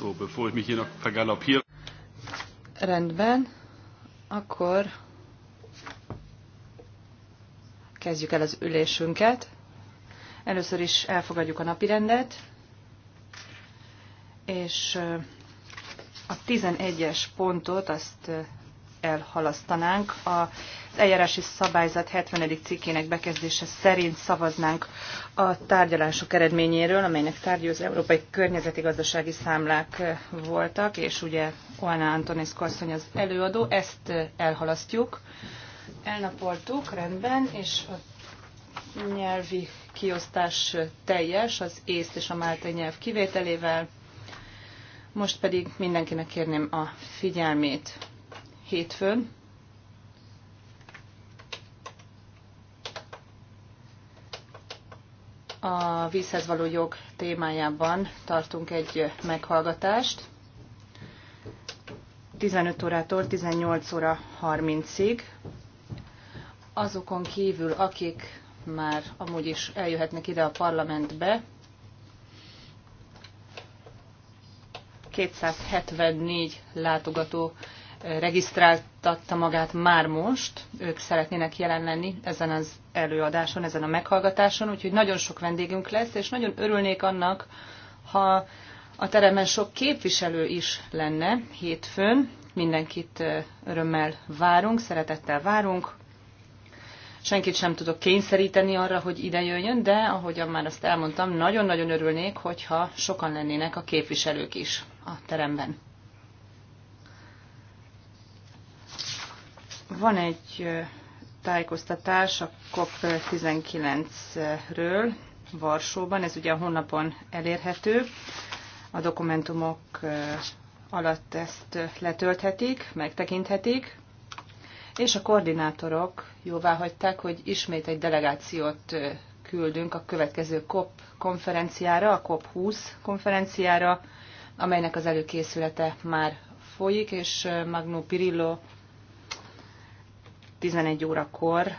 So, bevor ich mich hier noch vergaloppiere. Rendben, akkor kezdjük el az ülésünket. Először is elfogadjuk a napi rendet, és a 11-es pontot azt elhalasztanánk. Az eljárási szabályzat 70. cikkének bekezdése szerint szavaznánk a tárgyalások eredményéről, amelynek tárgyú az európai gazdasági számlák voltak, és ugye Oana Antonis Korszony az előadó, ezt elhalasztjuk. Elnapoltuk, rendben, és a nyelvi kiosztás teljes, az észt és a máltai nyelv kivételével. Most pedig mindenkinek kérném a figyelmét hétfőn. A vízhez való jog témájában tartunk egy meghallgatást. 15 órától 18 óra 30-ig. Azokon kívül, akik már amúgy is eljöhetnek ide a parlamentbe, 274 látogató regisztráltatta magát már most, ők szeretnének jelen lenni ezen az előadáson, ezen a meghallgatáson, úgyhogy nagyon sok vendégünk lesz, és nagyon örülnék annak, ha a teremben sok képviselő is lenne hétfőn, mindenkit örömmel várunk, szeretettel várunk. Senkit sem tudok kényszeríteni arra, hogy ide jöjjön, de ahogyan már azt elmondtam, nagyon-nagyon örülnék, hogyha sokan lennének a képviselők is a teremben. Van egy tájékoztatás a COP19-ről Varsóban, ez ugye a honlapon elérhető. A dokumentumok alatt ezt letölthetik, megtekinthetik, és a koordinátorok jóvá hagyták, hogy ismét egy delegációt küldünk a következő COP konferenciára, a COP20 konferenciára, amelynek az előkészülete már folyik, és Magnó Pirillo 11 órakor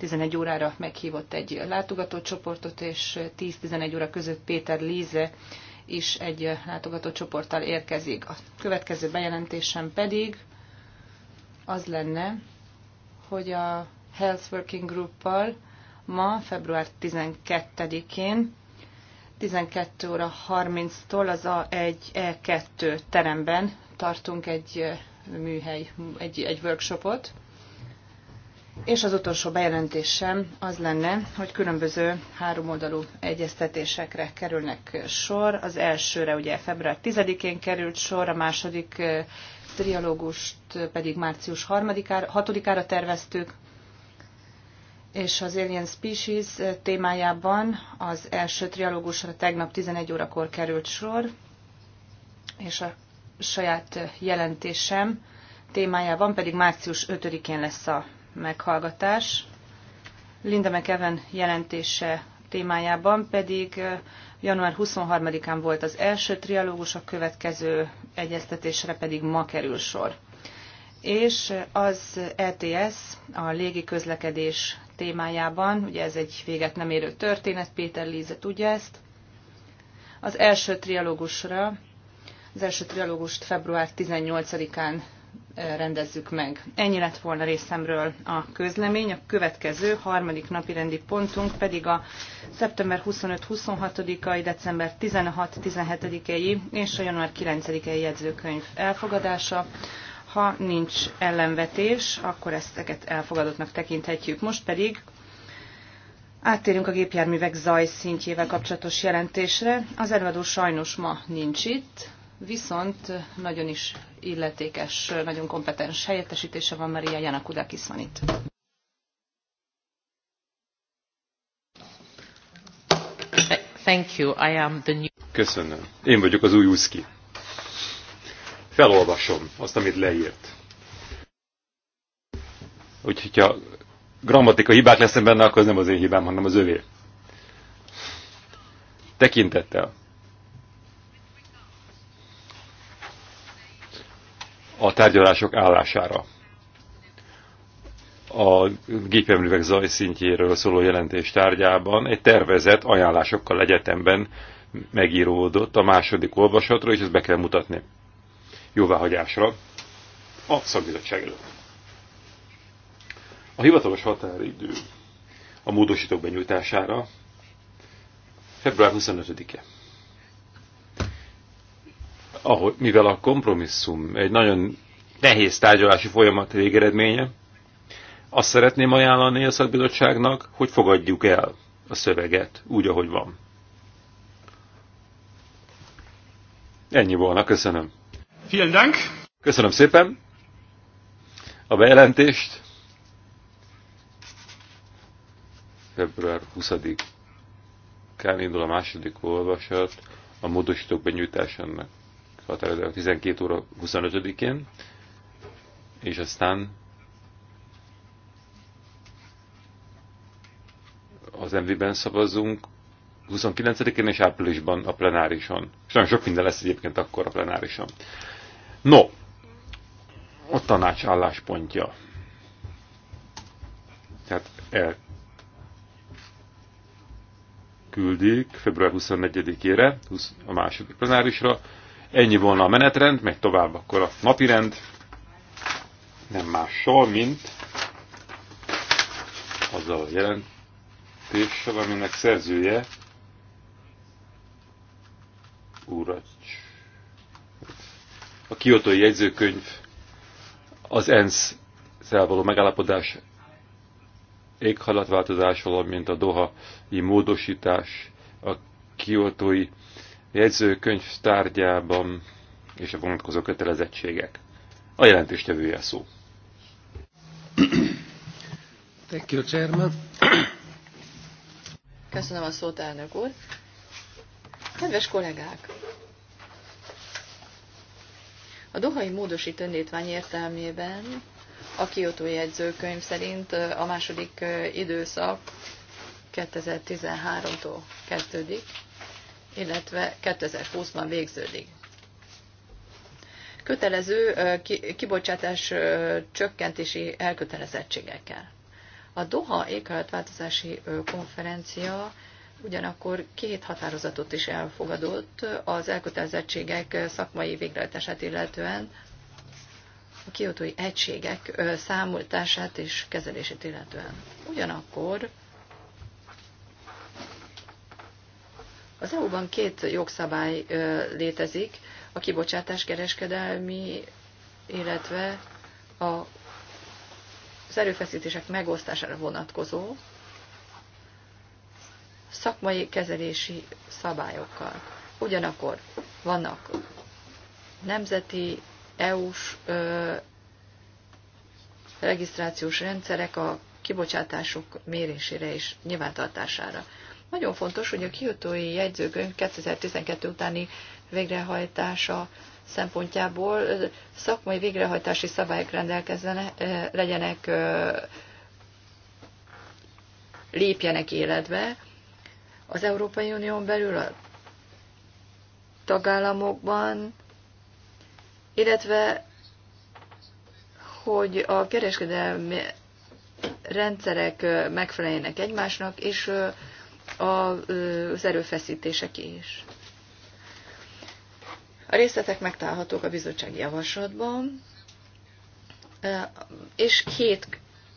11 órára meghívott egy látogatócsoportot, és 10-11 óra között Péter Líze is egy látogatócsoporttal érkezik. A következő bejelentésem pedig az lenne, hogy a Health Working Group-pal ma, február 12-én, 12 óra 30-tól az A1-E2 e teremben tartunk egy műhely, egy, egy workshopot. És az utolsó bejelentésem az lenne, hogy különböző háromoldalú egyeztetésekre kerülnek sor. Az elsőre ugye február 10-én került sor, a második trialógust pedig március 6-ára terveztük, és az Alien Species témájában az első trialógusra tegnap 11 órakor került sor, és a saját jelentésem témájában, pedig március 5-én lesz a meghallgatás. Linda McEwen jelentése témájában pedig január 23-án volt az első trialógus, a következő egyeztetésre pedig ma kerül sor. És az ETS, a légi közlekedés témájában, ugye ez egy véget nem érő történet, Péter Líze tudja ezt, az első trialógusra az első trialógust február 18-án rendezzük meg. Ennyi lett volna részemről a közlemény. A következő harmadik napi rendi pontunk pedig a szeptember 25-26-ai, december 16-17-ei és a január 9-ei jegyzőkönyv elfogadása. Ha nincs ellenvetés, akkor ezteket elfogadottnak tekinthetjük. Most pedig Áttérünk a gépjárművek zajszintjével kapcsolatos jelentésre. Az előadó sajnos ma nincs itt, viszont nagyon is illetékes, nagyon kompetens helyettesítése van Maria Janakudakis van itt. Thank you. I am the new... Köszönöm. Én vagyok az új Uszki. Felolvasom azt, amit leírt. Úgyhogy ha grammatika hibák lesznek benne, akkor az nem az én hibám, hanem az övé. Tekintettel a tárgyalások állására. A gépjárművek zajszintjéről szóló jelentés tárgyában egy tervezett ajánlásokkal egyetemben megíródott a második olvasatra, és ezt be kell mutatni jóváhagyásra a szakbizottság előtt. A hivatalos határidő a módosítók benyújtására február 25-e ahogy, mivel a kompromisszum egy nagyon nehéz tárgyalási folyamat végeredménye, azt szeretném ajánlani a szakbizottságnak, hogy fogadjuk el a szöveget úgy, ahogy van. Ennyi volna, köszönöm. Vielen Dank. Köszönöm szépen a bejelentést. Február 20-án indul a második olvasat a módosítók benyújtásának határozók 12 óra 25-én, és aztán az MV-ben szavazzunk 29-én és áprilisban a plenárison. És nagyon sok minden lesz egyébként akkor a plenárison. No, a tanács álláspontja. Tehát el küldik február 24-ére, a második plenárisra, Ennyi volna a menetrend, meg tovább akkor a napirend. Nem mással, mint azzal a jelentéssel, aminek szerzője Úracs. A kiotói jegyzőkönyv az ENSZ való megállapodás éghajlatváltozás, valamint a dohai módosítás, a kiotói jegyzőkönyv tárgyában és a vonatkozó kötelezettségek. A jelentéstevője szó. Thank you, Chairman. Köszönöm a szót, elnök úr. Kedves kollégák! A dohai módosító indítvány értelmében a Kyoto jegyzőkönyv szerint a második időszak 2013-tól kezdődik, illetve 2020-ban végződik. Kötelező kibocsátás csökkentési elkötelezettségekkel. A Doha éghajlatváltozási konferencia ugyanakkor két határozatot is elfogadott az elkötelezettségek szakmai végrehajtását illetően, a kiotói egységek számoltását és kezelését illetően. Ugyanakkor Az EU-ban két jogszabály létezik, a kibocsátás kereskedelmi, illetve a, az erőfeszítések megosztására vonatkozó szakmai kezelési szabályokkal. Ugyanakkor vannak nemzeti, EU-s regisztrációs rendszerek a kibocsátások mérésére és nyilvántartására. Nagyon fontos, hogy a kiutói jegyzőkönyv 2012 utáni végrehajtása szempontjából szakmai végrehajtási szabályok rendelkezzenek, legyenek, lépjenek életbe. Az Európai Unión belül a tagállamokban, illetve hogy a kereskedelmi rendszerek megfeleljenek egymásnak, és az erőfeszítések is. A részletek megtalálhatók a bizottsági javaslatban, és hét,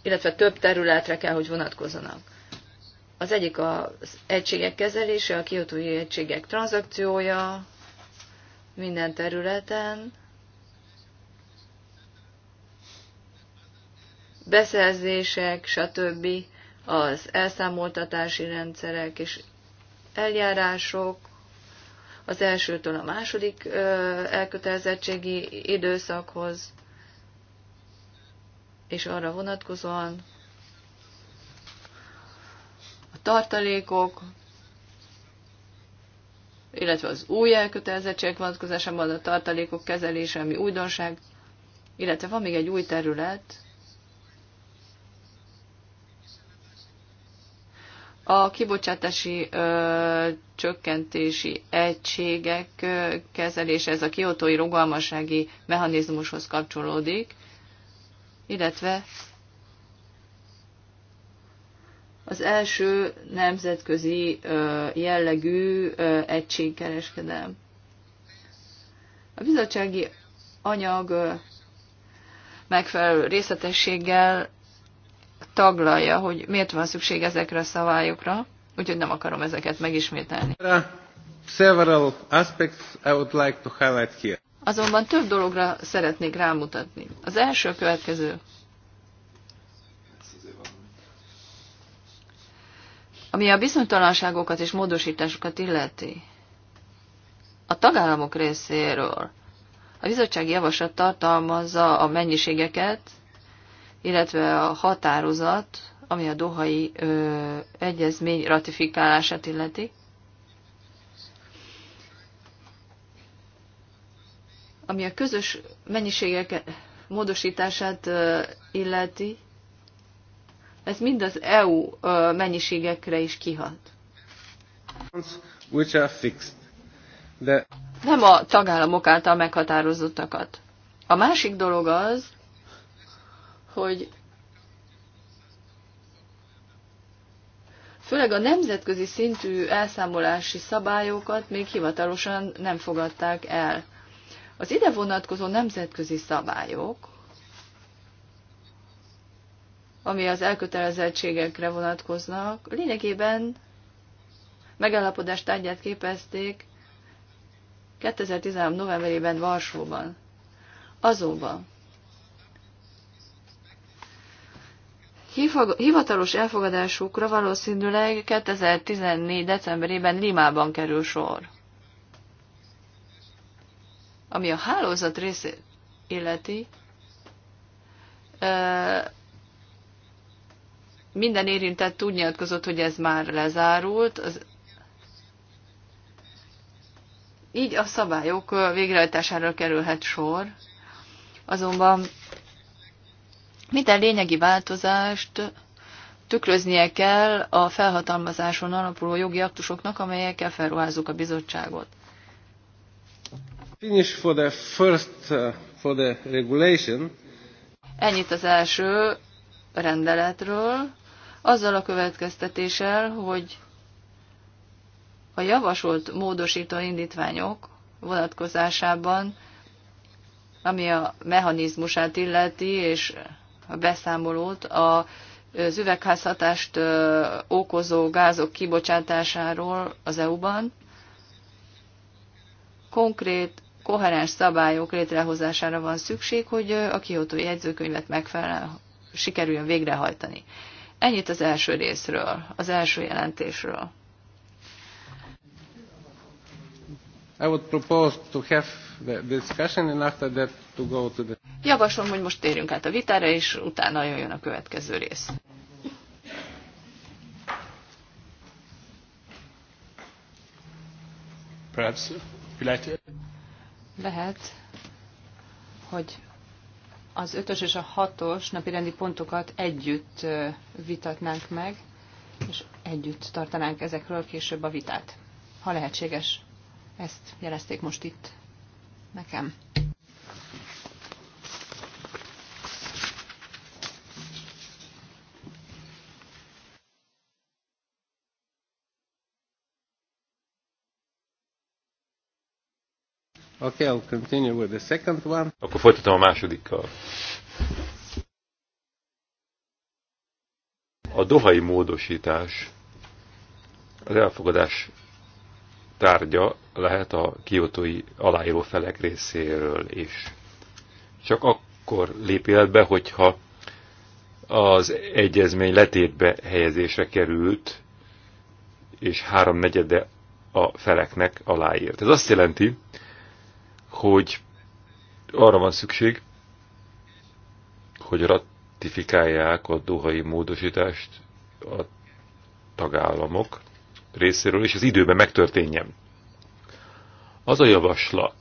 illetve több területre kell, hogy vonatkozzanak. Az egyik az egységek kezelése, a kiotói egységek tranzakciója minden területen, beszerzések, stb az elszámoltatási rendszerek és eljárások, az elsőtől a második elkötelezettségi időszakhoz, és arra vonatkozóan a tartalékok, illetve az új elkötelezettségek vonatkozásában a tartalékok kezelése, ami újdonság, illetve van még egy új terület, A kibocsátási ö, csökkentési egységek ö, kezelése, ez a kiotói rugalmassági mechanizmushoz kapcsolódik, illetve az első nemzetközi ö, jellegű ö, egységkereskedelm. A bizottsági anyag megfelelő részletességgel taglalja, hogy miért van szükség ezekre a szabályokra, úgyhogy nem akarom ezeket megismételni. Several aspects I would like to highlight here. Azonban több dologra szeretnék rámutatni. Az első a következő. Ami a bizonytalanságokat és módosításokat illeti, a tagállamok részéről a bizottság javaslat tartalmazza a mennyiségeket, illetve a határozat, ami a Dohai ö, Egyezmény ratifikálását illeti. Ami a közös mennyiségek módosítását ö, illeti, ez mind az EU ö, mennyiségekre is kihat. Which are fixed. De... Nem a tagállamok által meghatározottakat. A másik dolog az, hogy főleg a nemzetközi szintű elszámolási szabályokat még hivatalosan nem fogadták el. Az ide vonatkozó nemzetközi szabályok, ami az elkötelezettségekre vonatkoznak, lényegében megállapodást tárgyát képezték 2013. novemberében Varsóban. Azonban Hivatalos elfogadásukra valószínűleg 2014. decemberében Limában kerül sor. Ami a hálózat részét illeti, minden érintett úgy nyilatkozott, hogy ez már lezárult, az így a szabályok végrehajtására kerülhet sor. Azonban minden lényegi változást tükröznie kell a felhatalmazáson alapuló jogi aktusoknak, amelyekkel felruházzuk a bizottságot. Finish for the first, uh, for the regulation. Ennyit az első rendeletről, azzal a következtetéssel, hogy a javasolt módosító indítványok vonatkozásában, ami a mechanizmusát illeti, és beszámolót a az üvegházhatást okozó gázok kibocsátásáról az EU-ban, konkrét, koherens szabályok létrehozására van szükség, hogy a kihotó jegyzőkönyvet megfelelően sikerüljön végrehajtani. Ennyit az első részről, az első jelentésről. I would propose to have discussion and after that to go to the... Javaslom, hogy most térjünk át a vitára, és utána jön a következő rész. Perhaps, lehet... lehet, hogy az ötös és a hatos napirendi pontokat együtt vitatnánk meg, és együtt tartanánk ezekről később a vitát, ha lehetséges. Ezt jelezték most itt nekem. Okay, I'll continue with the second one. Akkor folytatom a másodikkal. A dohai módosítás az elfogadás tárgya lehet a kiotói aláíró felek részéről is. Csak akkor lép életbe, hogyha az egyezmény letétbe helyezésre került, és háromnegyede a feleknek aláírt. Ez azt jelenti, hogy arra van szükség, hogy ratifikálják a dohai módosítást a tagállamok, részéről, és az időben megtörténjen. Az a javaslat,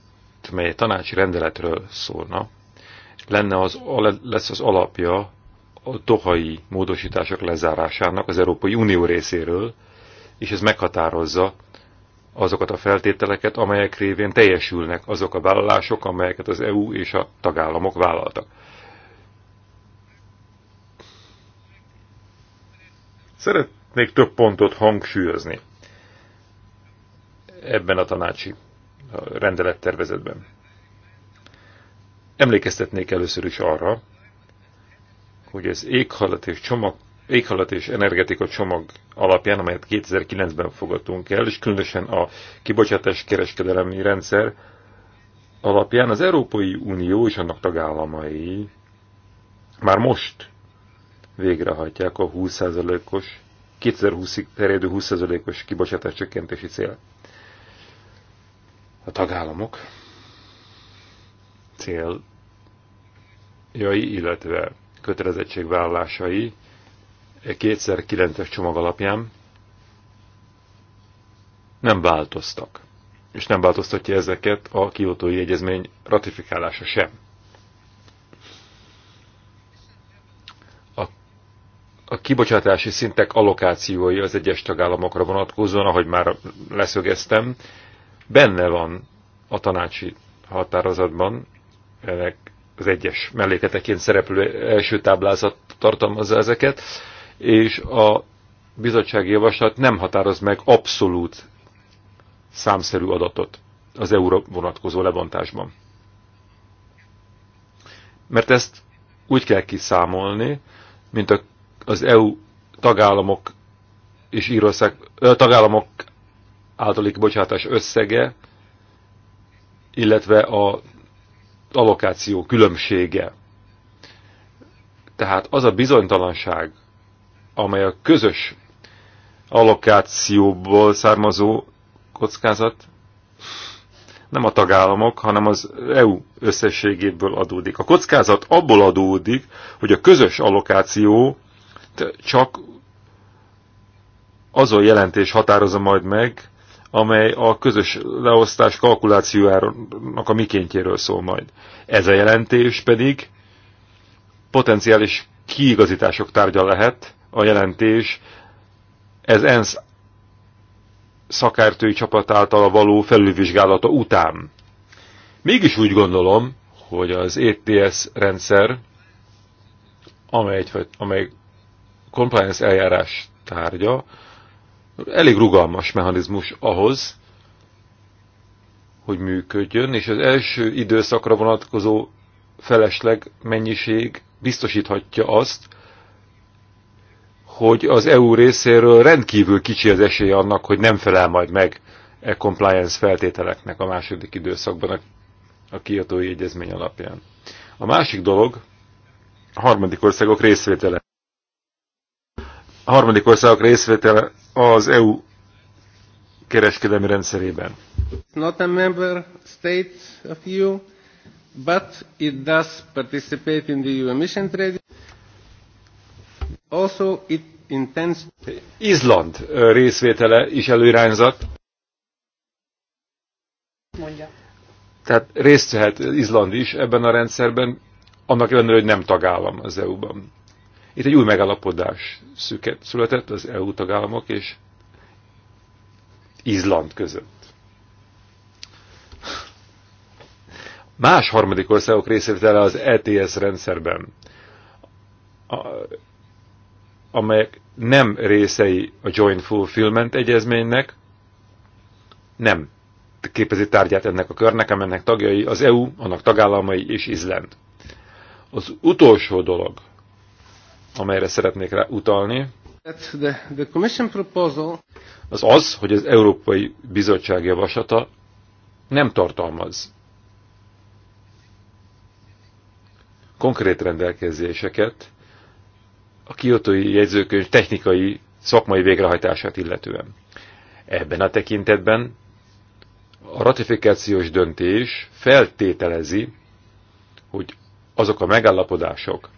mely a tanácsi rendeletről szólna, lenne az, lesz az alapja a dohai módosítások lezárásának az Európai Unió részéről, és ez meghatározza azokat a feltételeket, amelyek révén teljesülnek azok a vállalások, amelyeket az EU és a tagállamok vállaltak. Szeret, még több pontot hangsúlyozni ebben a tanácsi rendelettervezetben. Emlékeztetnék először is arra, hogy az éghalat és, csomag, éghalat és energetika csomag alapján, amelyet 2009-ben fogadtunk el, és különösen a kibocsátás kereskedelemi rendszer alapján az Európai Unió és annak tagállamai már most végrehajtják a 20%-os 2020-ig terjedő 20%-os kibocsátás csökkentési cél. A tagállamok céljai, illetve kötelezettségvállalásai e kétszer kilentes csomag alapján nem változtak. És nem változtatja ezeket a kiotói egyezmény ratifikálása sem. a kibocsátási szintek allokációi az egyes tagállamokra vonatkozóan, ahogy már leszögeztem, benne van a tanácsi határozatban, ennek az egyes melléketeként szereplő első táblázat tartalmazza ezeket, és a bizottsági javaslat nem határoz meg abszolút számszerű adatot az euró vonatkozó lebontásban. Mert ezt úgy kell kiszámolni, mint a az EU tagállamok és Írország, tagállamok általi kibocsátás összege, illetve a allokáció különbsége. Tehát az a bizonytalanság, amely a közös allokációból származó kockázat nem a tagállamok, hanem az EU összességéből adódik. A kockázat abból adódik, hogy a közös allokáció csak azon jelentés határozza majd meg, amely a közös leosztás kalkulációjának a mikéntjéről szól majd. Ez a jelentés pedig potenciális kiigazítások tárgya lehet a jelentés, ez ENSZ szakértői csapat által való felülvizsgálata után. Mégis úgy gondolom, hogy az ETS rendszer, amely, amely compliance eljárás tárgya elég rugalmas mechanizmus ahhoz, hogy működjön, és az első időszakra vonatkozó felesleg mennyiség biztosíthatja azt, hogy az EU részéről rendkívül kicsi az esélye annak, hogy nem felel majd meg e compliance feltételeknek a második időszakban a, a egyezmény alapján. A másik dolog a harmadik országok részvétele a harmadik országok részvétele az EU kereskedelmi rendszerében. It's not a member state of EU, but it does participate in the EU emission trading. Also it intends... Izland részvétele is előirányzat. Mondja. Tehát részt vehet Izland is ebben a rendszerben, annak ellenére, hogy nem tagállam az EU-ban. Itt egy új megállapodás született az EU tagállamok és Izland között. Más harmadik országok részvétele az ETS rendszerben, a, amelyek nem részei a Joint Fulfillment egyezménynek, nem képezi tárgyát ennek a körnek, amelynek tagjai az EU, annak tagállamai és Izland. Az utolsó dolog, amelyre szeretnék rá utalni, az az, hogy az Európai Bizottság javaslata nem tartalmaz konkrét rendelkezéseket a kiotói jegyzőkönyv technikai, szakmai végrehajtását illetően. Ebben a tekintetben a ratifikációs döntés feltételezi, hogy azok a megállapodások,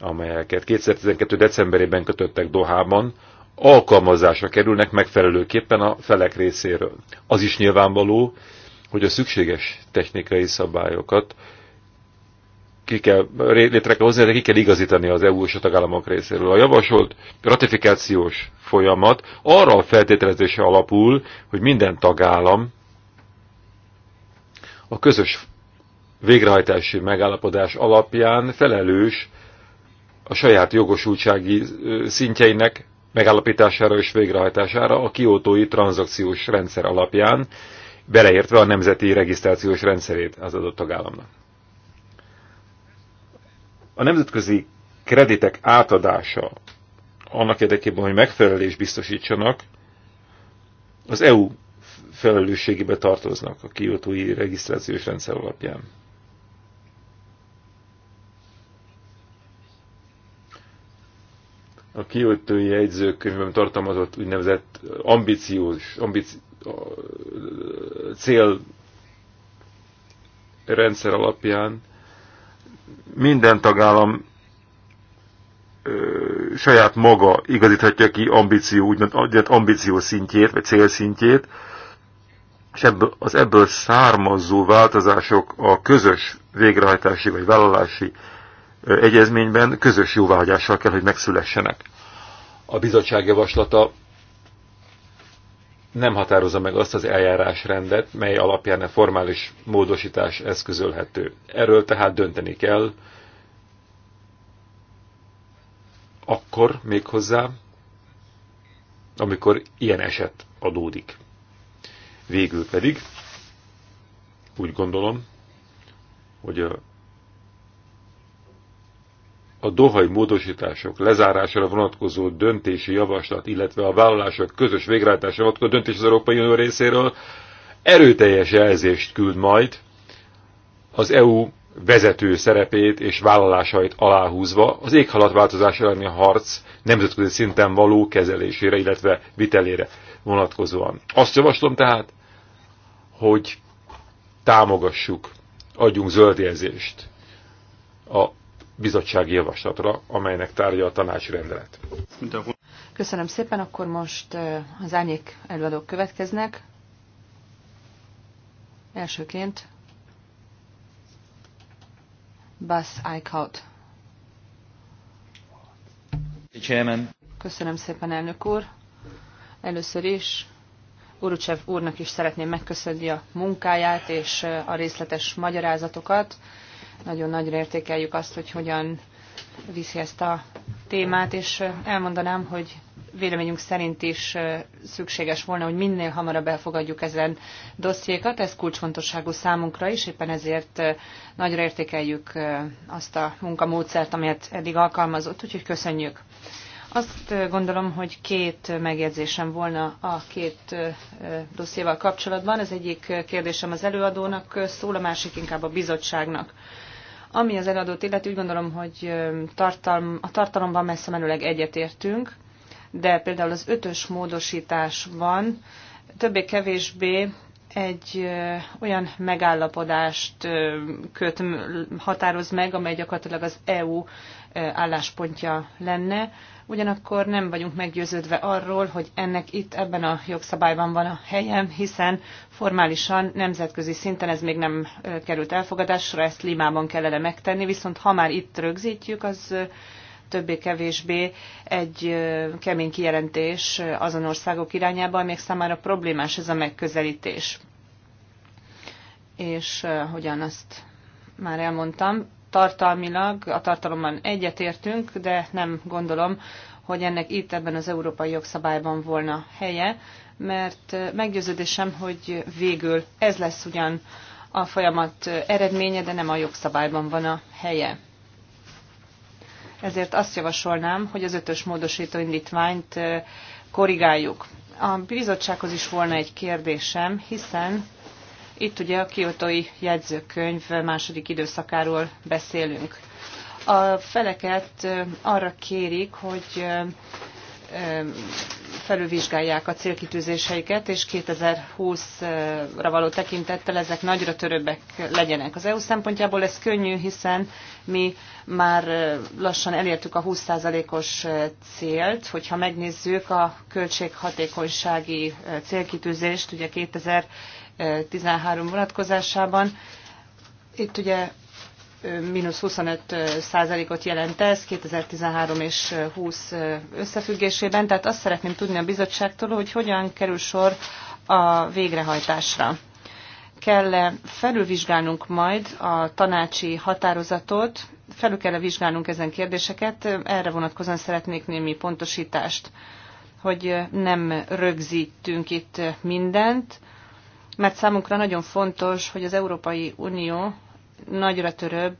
amelyeket 2012. decemberében kötöttek Dohában, alkalmazásra kerülnek megfelelőképpen a felek részéről. Az is nyilvánvaló, hogy a szükséges technikai szabályokat ki kell, létre kell hozni, de ki kell igazítani az eu a tagállamok részéről. A javasolt ratifikációs folyamat arra a feltételezése alapul, hogy minden tagállam a közös végrehajtási megállapodás alapján felelős a saját jogosultsági szintjeinek megállapítására és végrehajtására a kiótói tranzakciós rendszer alapján, beleértve a nemzeti regisztrációs rendszerét az adott tagállamnak. A nemzetközi kreditek átadása annak érdekében, hogy megfelelés biztosítsanak, az EU felelősségébe tartoznak a kiótói regisztrációs rendszer alapján. a kiöltői jegyzőkönyvben tartalmazott úgynevezett ambíciós ambici, cél rendszer alapján minden tagállam ö, saját maga igazíthatja ki ambíció, úgymond ambíció szintjét, vagy célszintjét, és ebből, az ebből származó változások a közös végrehajtási vagy vállalási egyezményben közös jóváhagyással kell, hogy megszülessenek. A bizottság javaslata nem határozza meg azt az eljárásrendet, mely alapján a formális módosítás eszközölhető. Erről tehát dönteni kell, akkor hozzá, amikor ilyen eset adódik. Végül pedig úgy gondolom, hogy a a dohai módosítások lezárására vonatkozó döntési javaslat, illetve a vállalások közös végrehajtásra vonatkozó döntés az Európai Unió részéről erőteljes jelzést küld majd az EU vezető szerepét és vállalásait aláhúzva az éghalatváltozás elleni harc nemzetközi szinten való kezelésére, illetve vitelére vonatkozóan. Azt javaslom tehát, hogy támogassuk, adjunk zöld jelzést a bizottsági javaslatra, amelynek tárgya a tanácsi rendelet. Köszönöm szépen, akkor most az ányék előadók következnek. Elsőként Buzz Eichhout. Köszönöm szépen, elnök úr. Először is Urucsev úrnak is szeretném megköszönni a munkáját és a részletes magyarázatokat. Nagyon nagyra értékeljük azt, hogy hogyan viszi ezt a témát, és elmondanám, hogy véleményünk szerint is szükséges volna, hogy minél hamarabb elfogadjuk ezen dossziékat. Ez kulcsfontosságú számunkra is, éppen ezért nagyra értékeljük azt a munkamódszert, amelyet eddig alkalmazott, úgyhogy köszönjük. Azt gondolom, hogy két megjegyzésem volna a két dossziéval kapcsolatban. Az egyik kérdésem az előadónak szól, a másik inkább a bizottságnak. Ami az előadót illeti, úgy gondolom, hogy tartalm, a tartalomban messze menőleg egyetértünk, de például az ötös módosításban többé-kevésbé egy olyan megállapodást köt, határoz meg, amely gyakorlatilag az EU álláspontja lenne. Ugyanakkor nem vagyunk meggyőződve arról, hogy ennek itt ebben a jogszabályban van a helyem, hiszen formálisan nemzetközi szinten ez még nem került elfogadásra, ezt Limában kellene megtenni, viszont ha már itt rögzítjük, az többé-kevésbé egy kemény kijelentés azon országok irányába, amelyek számára problémás ez a megközelítés. És hogyan azt már elmondtam, tartalmilag, a tartalomban egyetértünk, de nem gondolom, hogy ennek itt ebben az európai jogszabályban volna helye, mert meggyőződésem, hogy végül ez lesz ugyan a folyamat eredménye, de nem a jogszabályban van a helye ezért azt javasolnám, hogy az ötös módosító indítványt korrigáljuk. A bizottsághoz is volna egy kérdésem, hiszen itt ugye a kiotói jegyzőkönyv második időszakáról beszélünk. A feleket arra kérik, hogy felülvizsgálják a célkitűzéseiket, és 2020-ra való tekintettel ezek nagyra törőbbek legyenek. Az EU szempontjából ez könnyű, hiszen mi már lassan elértük a 20%-os célt, hogyha megnézzük a költséghatékonysági célkitűzést, ugye 2013 vonatkozásában, itt ugye mínusz 25 százalékot jelent ez 2013 és 20 összefüggésében. Tehát azt szeretném tudni a bizottságtól, hogy hogyan kerül sor a végrehajtásra. Kell -e felülvizsgálnunk majd a tanácsi határozatot, felül kell -e vizsgálnunk ezen kérdéseket, erre vonatkozóan szeretnék némi pontosítást, hogy nem rögzítünk itt mindent, mert számunkra nagyon fontos, hogy az Európai Unió nagyra törőbb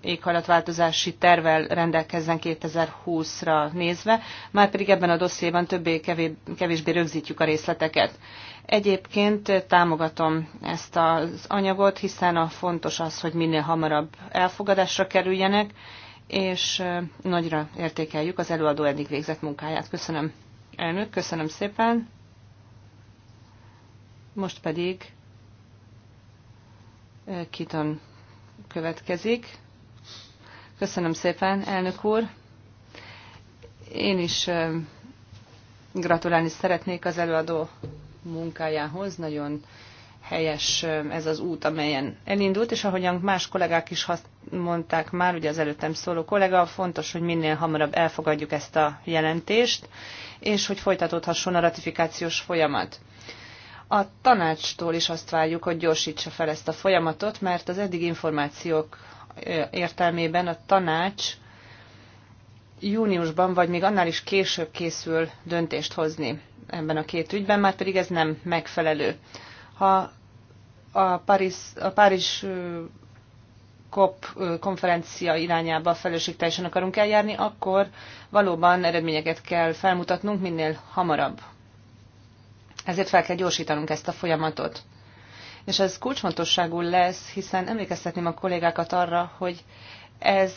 éghajlatváltozási tervel rendelkezzen 2020-ra nézve, már pedig ebben a dossziéban többé kevésbé rögzítjük a részleteket. Egyébként támogatom ezt az anyagot, hiszen a fontos az, hogy minél hamarabb elfogadásra kerüljenek, és nagyra értékeljük az előadó eddig végzett munkáját. Köszönöm, elnök, köszönöm szépen. Most pedig Kiton következik. Köszönöm szépen, elnök úr. Én is gratulálni szeretnék az előadó munkájához. Nagyon helyes ez az út, amelyen elindult, és ahogyan más kollégák is mondták már, ugye az előttem szóló kollega, fontos, hogy minél hamarabb elfogadjuk ezt a jelentést, és hogy folytatódhasson a ratifikációs folyamat. A tanácstól is azt várjuk, hogy gyorsítsa fel ezt a folyamatot, mert az eddig információk értelmében a tanács júniusban, vagy még annál is később készül döntést hozni ebben a két ügyben, már pedig ez nem megfelelő. Ha a Párizs, a Párizs COP konferencia irányába felelősségteljesen akarunk eljárni, akkor valóban eredményeket kell felmutatnunk minél hamarabb. Ezért fel kell gyorsítanunk ezt a folyamatot. És ez kulcsfontosságú lesz, hiszen emlékeztetném a kollégákat arra, hogy ez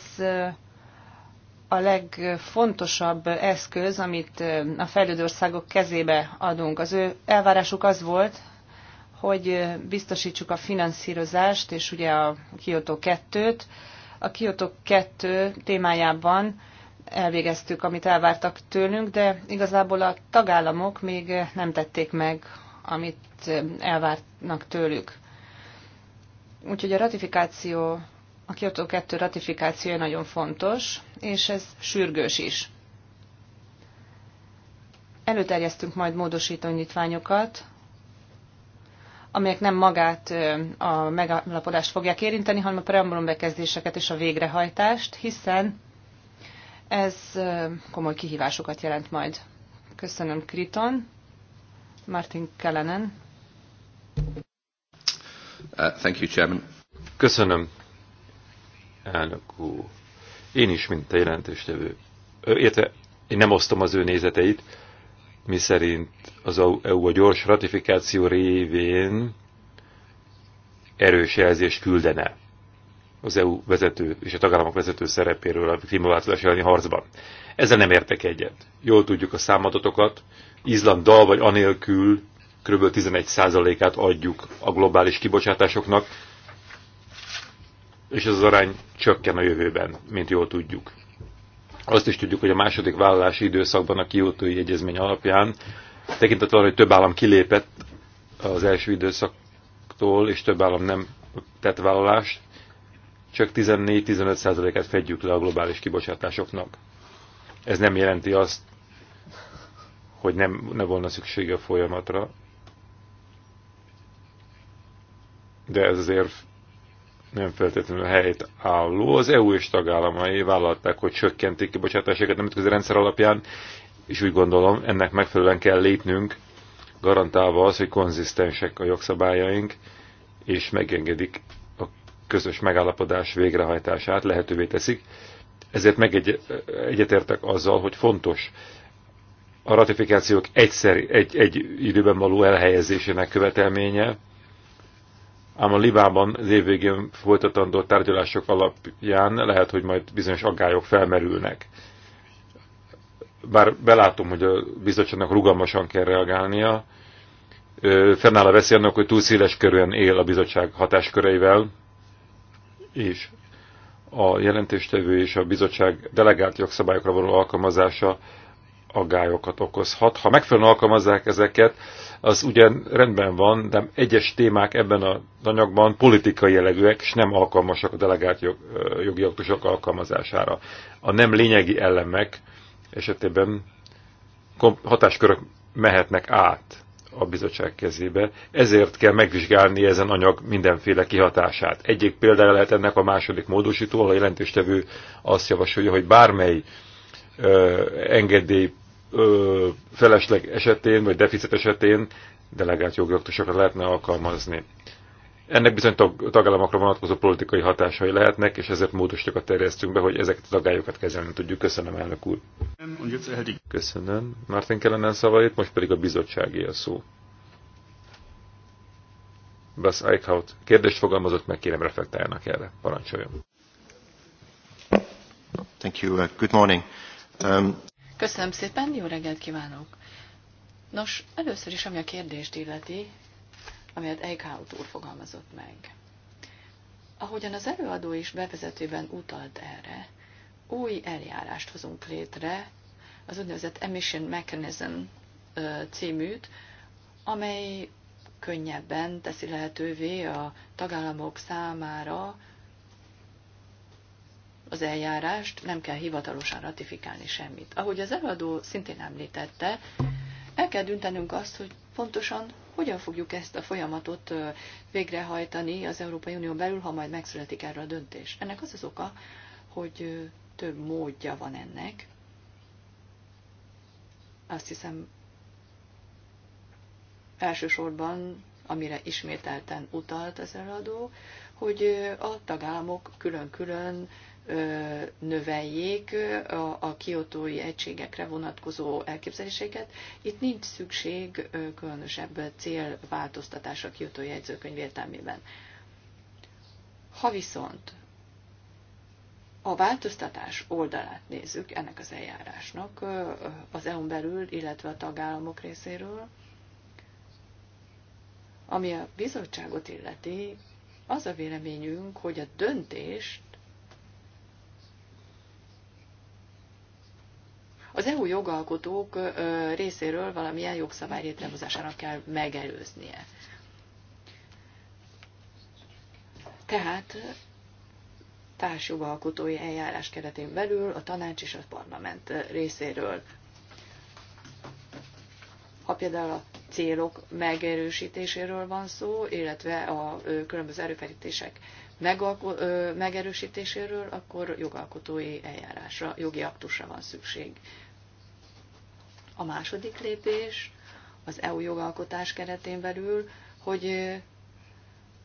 a legfontosabb eszköz, amit a fejlődő országok kezébe adunk. Az ő elvárásuk az volt, hogy biztosítsuk a finanszírozást, és ugye a Kyoto 2-t. A Kyoto 2 témájában elvégeztük, amit elvártak tőlünk, de igazából a tagállamok még nem tették meg, amit elvárnak tőlük. Úgyhogy a ratifikáció, a Kyoto 2 ratifikációja nagyon fontos, és ez sürgős is. Előterjesztünk majd módosító indítványokat, amelyek nem magát a megállapodást fogják érinteni, hanem a preambulum bekezdéseket és a végrehajtást, hiszen ez komoly kihívásokat jelent majd. Köszönöm Kriton, Martin Kellenen. Uh, thank you, Chairman. Köszönöm, elnök úr. Én is, mint a jelentéstevő. Érte, én nem osztom az ő nézeteit, mi szerint az EU a gyors ratifikáció révén erős jelzést küldene az EU vezető és a tagállamok vezető szerepéről a klímaváltozás elleni harcban. Ezzel nem értek egyet. Jól tudjuk a számadatokat, Izland dal vagy anélkül kb. 11%-át adjuk a globális kibocsátásoknak, és ez az arány csökken a jövőben, mint jól tudjuk. Azt is tudjuk, hogy a második vállalási időszakban a kiótói egyezmény alapján, tekintetve arra, hogy több állam kilépett az első időszaktól, és több állam nem tett vállalást, csak 14-15%-át fedjük le a globális kibocsátásoknak. Ez nem jelenti azt, hogy nem, ne volna szüksége a folyamatra, de ez azért nem feltétlenül helyt álló. Az EU és tagállamai vállalták, hogy csökkentik kibocsátásokat nemzetközi rendszer alapján, és úgy gondolom, ennek megfelelően kell lépnünk, garantálva az, hogy konzisztensek a jogszabályaink, és megengedik közös megállapodás végrehajtását lehetővé teszik, ezért meg egy, egyetértek azzal, hogy fontos a ratifikációk egyszer, egy, egy időben való elhelyezésének követelménye, ám a Libában az évvégén folytatandó tárgyalások alapján lehet, hogy majd bizonyos aggályok felmerülnek. Bár belátom, hogy a bizottságnak rugalmasan kell reagálnia, fennáll a veszély annak, hogy túl széles körülön él a bizottság hatásköreivel, és a jelentéstevő és a bizottság delegált jogszabályokra való alkalmazása aggályokat okozhat. Ha megfelelően alkalmazzák ezeket, az ugyan rendben van, de egyes témák ebben a anyagban politikai jellegűek, és nem alkalmasak a delegált jog, jogi aktusok alkalmazására. A nem lényegi elemek esetében hatáskörök mehetnek át a bizottság kezébe, ezért kell megvizsgálni ezen anyag mindenféle kihatását. Egyik példája lehet ennek a második módosító, ahol a jelentéstevő azt javasolja, hogy bármely ö, engedély ö, felesleg esetén, vagy deficit esetén delegált jogi aktusokra lehetne alkalmazni. Ennek bizony tag, tagállamokra vonatkozó politikai hatásai lehetnek, és ezért módosítókat terjesztünk be, hogy ezeket a tagályokat kezelni tudjuk. Köszönöm, elnök úr. Köszönöm. Martin Kellenen szavait, most pedig a bizottságé a szó. Bas Eichhout kérdést fogalmazott, meg kérem reflektáljanak erre. Parancsoljon. Thank you. Uh, good morning. Um... Köszönöm szépen, jó reggelt kívánok. Nos, először is, ami a kérdést illeti, amelyet Eichhout úr fogalmazott meg. Ahogyan az előadó is bevezetőben utalt erre, új eljárást hozunk létre, az úgynevezett Emission Mechanism címűt, amely könnyebben teszi lehetővé a tagállamok számára az eljárást, nem kell hivatalosan ratifikálni semmit. Ahogy az előadó szintén említette, el kell döntenünk azt, hogy pontosan hogyan fogjuk ezt a folyamatot végrehajtani az Európai Unió belül, ha majd megszületik erről a döntés. Ennek az az oka, hogy több módja van ennek. Azt hiszem, elsősorban, amire ismételten utalt az előadó, hogy a tagállamok külön-külön növeljék a, a kiotói egységekre vonatkozó elképzeléseket. Itt nincs szükség különösebb célváltoztatásra a kiotói jegyzőkönyv értelmében. Ha viszont a változtatás oldalát nézzük ennek az eljárásnak az EU-n belül, illetve a tagállamok részéről, ami a bizottságot illeti, az a véleményünk, hogy a döntést az EU jogalkotók részéről valamilyen jogszabály létrehozásának kell megelőznie. Tehát társjogalkotói eljárás keretén belül a tanács és a parlament részéről. Ha például a célok megerősítéséről van szó, illetve a különböző erőfeszítések megerősítéséről, akkor jogalkotói eljárásra, jogi aktusra van szükség a második lépés az EU jogalkotás keretén belül, hogy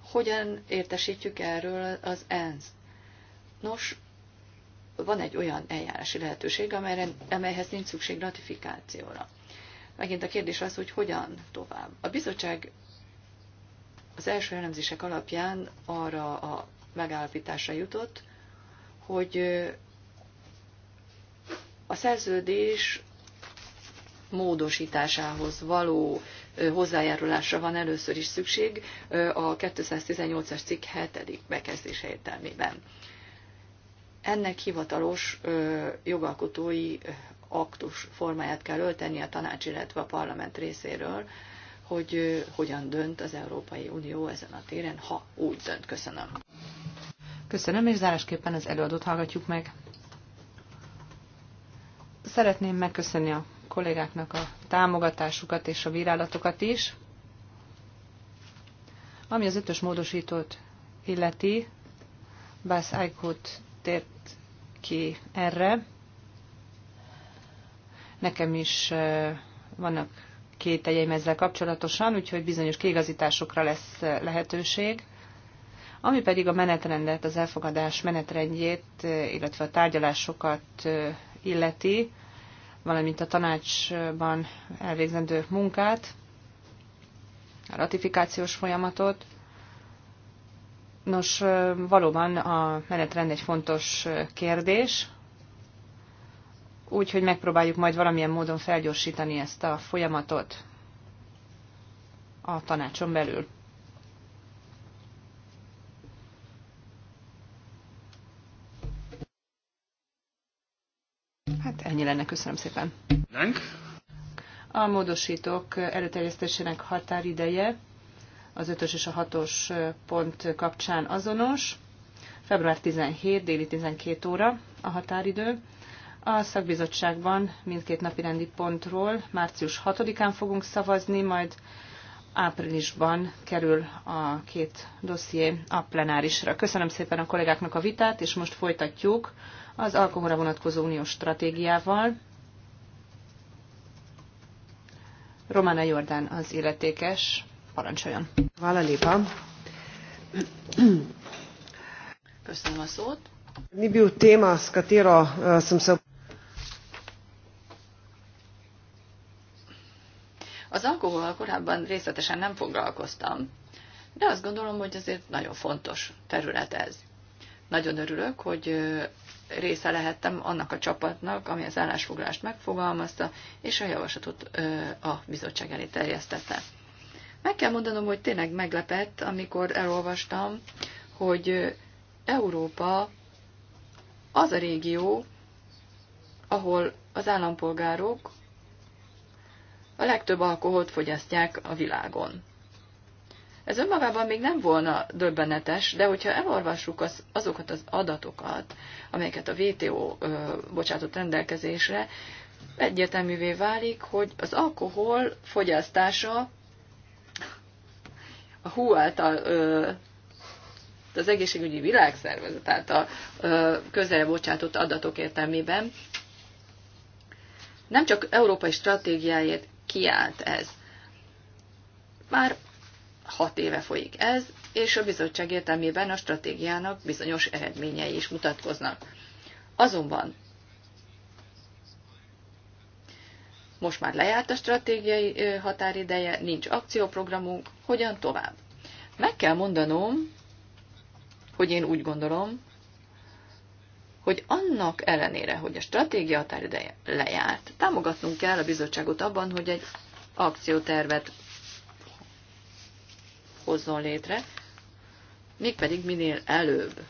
hogyan értesítjük erről az ENSZ. Nos, van egy olyan eljárási lehetőség, amelyre, amelyhez nincs szükség ratifikációra. Megint a kérdés az, hogy hogyan tovább. A bizottság az első elemzések alapján arra a megállapításra jutott, hogy a szerződés módosításához való hozzájárulásra van először is szükség a 218-as cikk 7. bekezdése értelmében. Ennek hivatalos jogalkotói aktus formáját kell ölteni a tanács, illetve a parlament részéről, hogy hogyan dönt az Európai Unió ezen a téren, ha úgy dönt. Köszönöm. Köszönöm, és zárásképpen az előadót hallgatjuk meg. Szeretném megköszönni a kollégáknak a támogatásukat és a virálatokat is. Ami az ötös módosítót illeti, Bász Eichhut tért ki erre. Nekem is vannak két egyeim ezzel kapcsolatosan, úgyhogy bizonyos kiigazításokra lesz lehetőség. Ami pedig a menetrendet, az elfogadás menetrendjét, illetve a tárgyalásokat illeti, valamint a tanácsban elvégzendő munkát, a ratifikációs folyamatot. Nos, valóban a menetrend egy fontos kérdés, úgyhogy megpróbáljuk majd valamilyen módon felgyorsítani ezt a folyamatot a tanácson belül. Ennyi lenne, köszönöm szépen. A módosítók előterjesztésének határideje az 5-ös és a 6-os pont kapcsán azonos. Február 17, déli 12 óra a határidő. A szakbizottságban mindkét napi rendi pontról március 6-án fogunk szavazni, majd áprilisban kerül a két dosszié a plenárisra. Köszönöm szépen a kollégáknak a vitát, és most folytatjuk az alkoholra vonatkozó uniós stratégiával. Romana Jordán az illetékes. Parancsoljon. Vála lépa. Köszönöm a szót. Mi bíjú téma, s katero eh, sem se... Az alkohol korábban részletesen nem foglalkoztam, de azt gondolom, hogy azért nagyon fontos terület ez. Nagyon örülök, hogy eh, része lehettem annak a csapatnak, ami az állásfoglalást megfogalmazta, és a javaslatot a bizottság elé terjesztette. Meg kell mondanom, hogy tényleg meglepett, amikor elolvastam, hogy Európa az a régió, ahol az állampolgárok a legtöbb alkoholt fogyasztják a világon. Ez önmagában még nem volna döbbenetes, de hogyha elolvassuk az, azokat az adatokat, amelyeket a WTO ö, bocsátott rendelkezésre, egyértelművé válik, hogy az alkohol fogyasztása a hú által, ö, az egészségügyi világszervezet által közel közelebb bocsátott adatok értelmében nem csak európai stratégiáért kiállt ez. Már hat éve folyik ez, és a bizottság értelmében a stratégiának bizonyos eredményei is mutatkoznak. Azonban most már lejárt a stratégiai határideje, nincs akcióprogramunk, hogyan tovább? Meg kell mondanom, hogy én úgy gondolom, hogy annak ellenére, hogy a stratégia határideje lejárt, támogatnunk kell a bizottságot abban, hogy egy akciótervet hozzon létre, mégpedig minél előbb.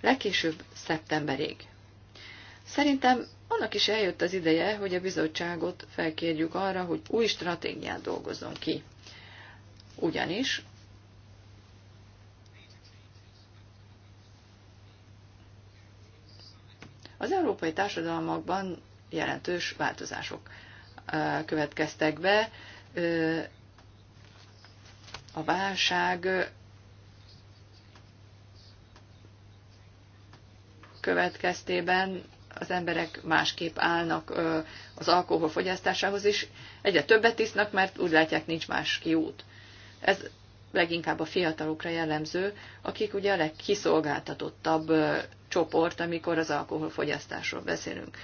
Legkésőbb szeptemberig. Szerintem annak is eljött az ideje, hogy a bizottságot felkérjük arra, hogy új stratégiát dolgozzon ki. Ugyanis az európai társadalmakban jelentős változások következtek be, a válság következtében az emberek másképp állnak az alkohol fogyasztásához is. Egyre többet isznak, mert úgy látják, nincs más kiút. Ez leginkább a fiatalokra jellemző, akik ugye a legkiszolgáltatottabb csoport, amikor az alkoholfogyasztásról beszélünk.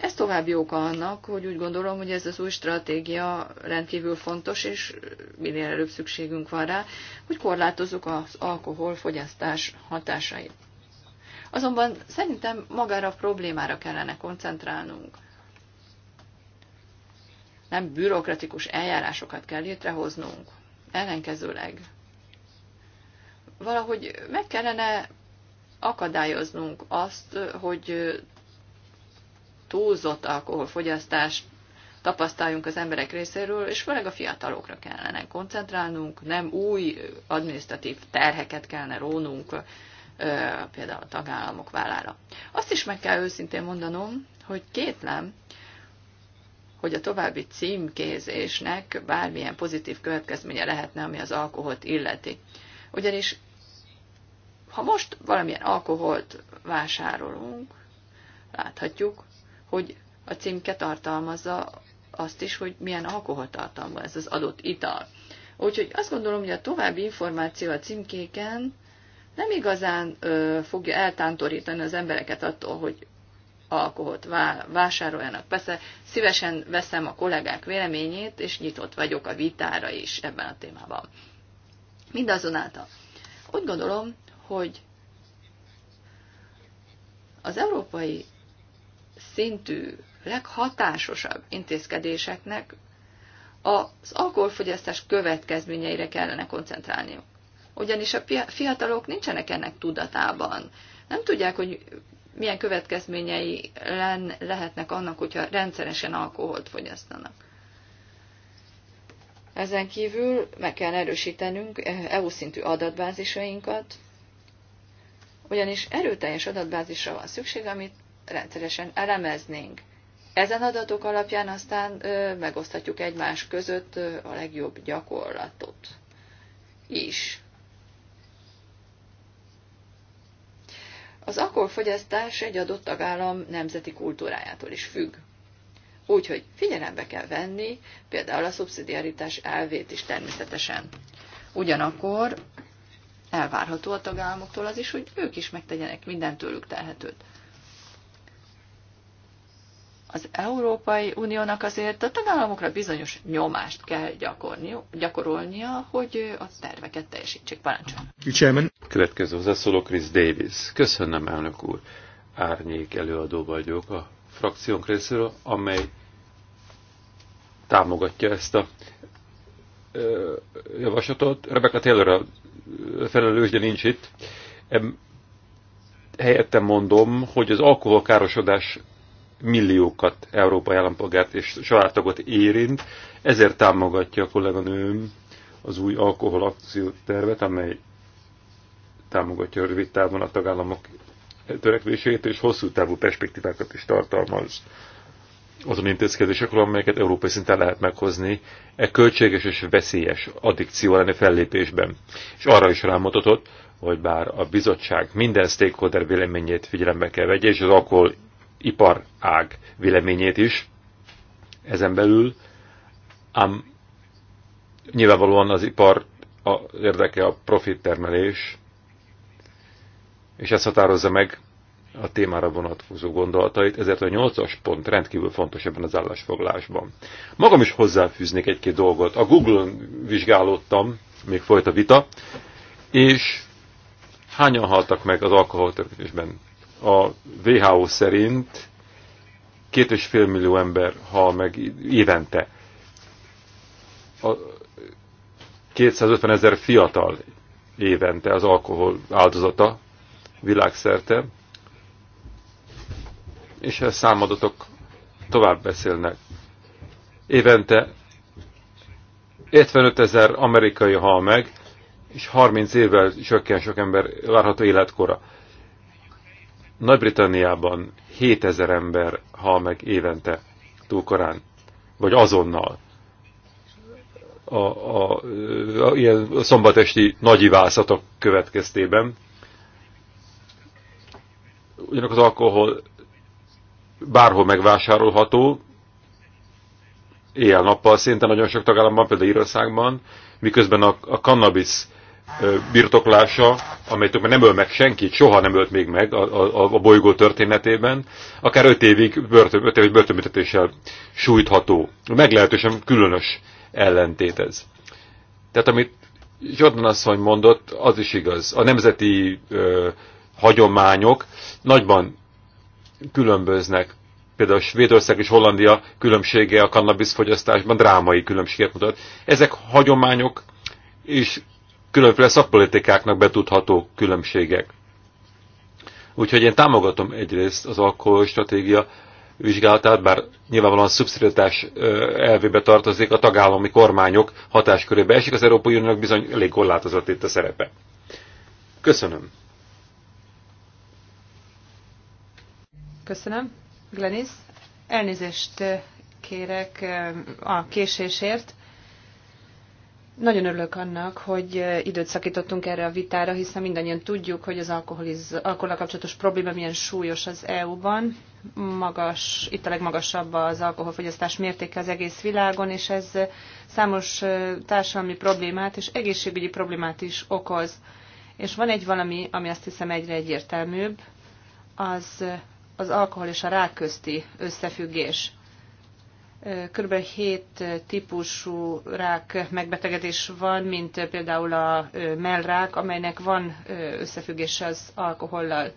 Ez további oka annak, hogy úgy gondolom, hogy ez az új stratégia rendkívül fontos, és minél előbb szükségünk van rá, hogy korlátozzuk az alkoholfogyasztás hatásait. Azonban szerintem magára a problémára kellene koncentrálnunk. Nem bürokratikus eljárásokat kell létrehoznunk, ellenkezőleg. Valahogy meg kellene akadályoznunk azt, hogy túlzott alkoholfogyasztást tapasztaljunk az emberek részéről, és főleg a fiatalokra kellene koncentrálnunk, nem új administratív terheket kellene rónunk például a tagállamok vállára. Azt is meg kell őszintén mondanom, hogy kétlem, hogy a további címkézésnek bármilyen pozitív következménye lehetne, ami az alkoholt illeti. Ugyanis, ha most valamilyen alkoholt vásárolunk, láthatjuk, hogy a címke tartalmazza azt is, hogy milyen alkoholtartalma ez az adott ital. Úgyhogy azt gondolom, hogy a további információ a címkéken nem igazán ö, fogja eltántorítani az embereket attól, hogy alkoholt vásároljanak. Persze szívesen veszem a kollégák véleményét, és nyitott vagyok a vitára is ebben a témában. Mindazonáltal úgy gondolom, hogy az európai szintű, leghatásosabb intézkedéseknek az alkoholfogyasztás következményeire kellene koncentrálniuk. Ugyanis a fiatalok nincsenek ennek tudatában. Nem tudják, hogy milyen következményei lehetnek annak, hogyha rendszeresen alkoholt fogyasztanak. Ezen kívül meg kell erősítenünk eh, EU szintű adatbázisainkat, ugyanis erőteljes adatbázisra van szükség, amit rendszeresen elemeznénk. Ezen adatok alapján aztán megoszthatjuk egymás között a legjobb gyakorlatot is. Az alkoholfogyasztás egy adott tagállam nemzeti kultúrájától is függ. Úgyhogy figyelembe kell venni például a szubszidiaritás elvét is természetesen. Ugyanakkor elvárható a tagállamoktól az is, hogy ők is megtegyenek minden tőlük telhetőt az Európai Uniónak azért a tagállamokra bizonyos nyomást kell gyakorolnia, hogy a terveket teljesítsék. Parancsol. Következő hozzászóló Chris Davis. Köszönöm, elnök úr. Árnyék előadó vagyok a frakciónk részéről, amely támogatja ezt a ö, javaslatot. Rebecca Taylor a felelős, de nincs itt. helyettem mondom, hogy az alkoholkárosodás milliókat európai állampolgárt és családtagot érint, ezért támogatja a kolléganőm az új tervet, amely támogatja a rövid távon a tagállamok törekvéseit, és hosszú távú perspektívákat is tartalmaz azon intézkedésekről, amelyeket európai szinten lehet meghozni e költséges és veszélyes addikció elleni fellépésben. És arra is rámutatott, hogy bár a bizottság minden stakeholder véleményét figyelembe kell vegye, és az alkohol iparág véleményét is ezen belül, ám nyilvánvalóan az ipar a, érdeke a profit termelés, és ez határozza meg a témára vonatkozó gondolatait, ezért a nyolcas pont rendkívül fontos ebben az állásfoglásban. Magam is hozzáfűznék egy-két dolgot. A Google-on vizsgálódtam, még folyt a vita, és hányan haltak meg az alkoholtörvésben a WHO szerint két és fél millió ember hal meg évente. A 250 ezer fiatal évente az alkohol áldozata világszerte, és a számadatok tovább beszélnek. Évente 75 ezer amerikai hal meg, és 30 évvel csökken sok ember várható életkora. Nagy-Britanniában 7000 ember hal meg évente túl korán, vagy azonnal. A, a, a, ilyen szombatesti nagyivászatok következtében. Ugyanakkor az alkohol bárhol megvásárolható, éjjel-nappal szinte nagyon sok tagállamban, például Írországban, miközben a, a cannabis birtoklása, amelyet nem öl meg senkit, soha nem ölt még meg a, a, a bolygó történetében, akár öt évig börtön, öt éves börtönbüntetéssel sújtható. Meglehetősen különös ellentét ez. Tehát amit Jordan asszony mondott, az is igaz. A nemzeti ö, hagyományok nagyban különböznek. Például Svédország és Hollandia különbsége a kannabiszfogyasztásban drámai különbséget mutat. Ezek hagyományok és különféle szakpolitikáknak betudható különbségek. Úgyhogy én támogatom egyrészt az alkohol stratégia vizsgálatát, bár nyilvánvalóan szubszidiatás elvébe tartozik, a tagállami kormányok hatáskörébe esik, az Európai Uniónak bizony elég korlátozott itt a szerepe. Köszönöm. Köszönöm. Glenis, elnézést kérek a késésért. Nagyon örülök annak, hogy eh, időt szakítottunk erre a vitára, hiszen mindannyian tudjuk, hogy az alkoholiz, kapcsolatos probléma milyen súlyos az EU-ban. Magas, itt a legmagasabb az alkoholfogyasztás mértéke az egész világon, és ez eh, számos eh, társadalmi problémát és egészségügyi problémát is okoz. És van egy valami, ami azt hiszem egyre egyértelműbb, az az alkohol és a rák közti összefüggés. Kb. 7 típusú rák megbetegedés van, mint például a mellrák, amelynek van összefüggése az alkohollal.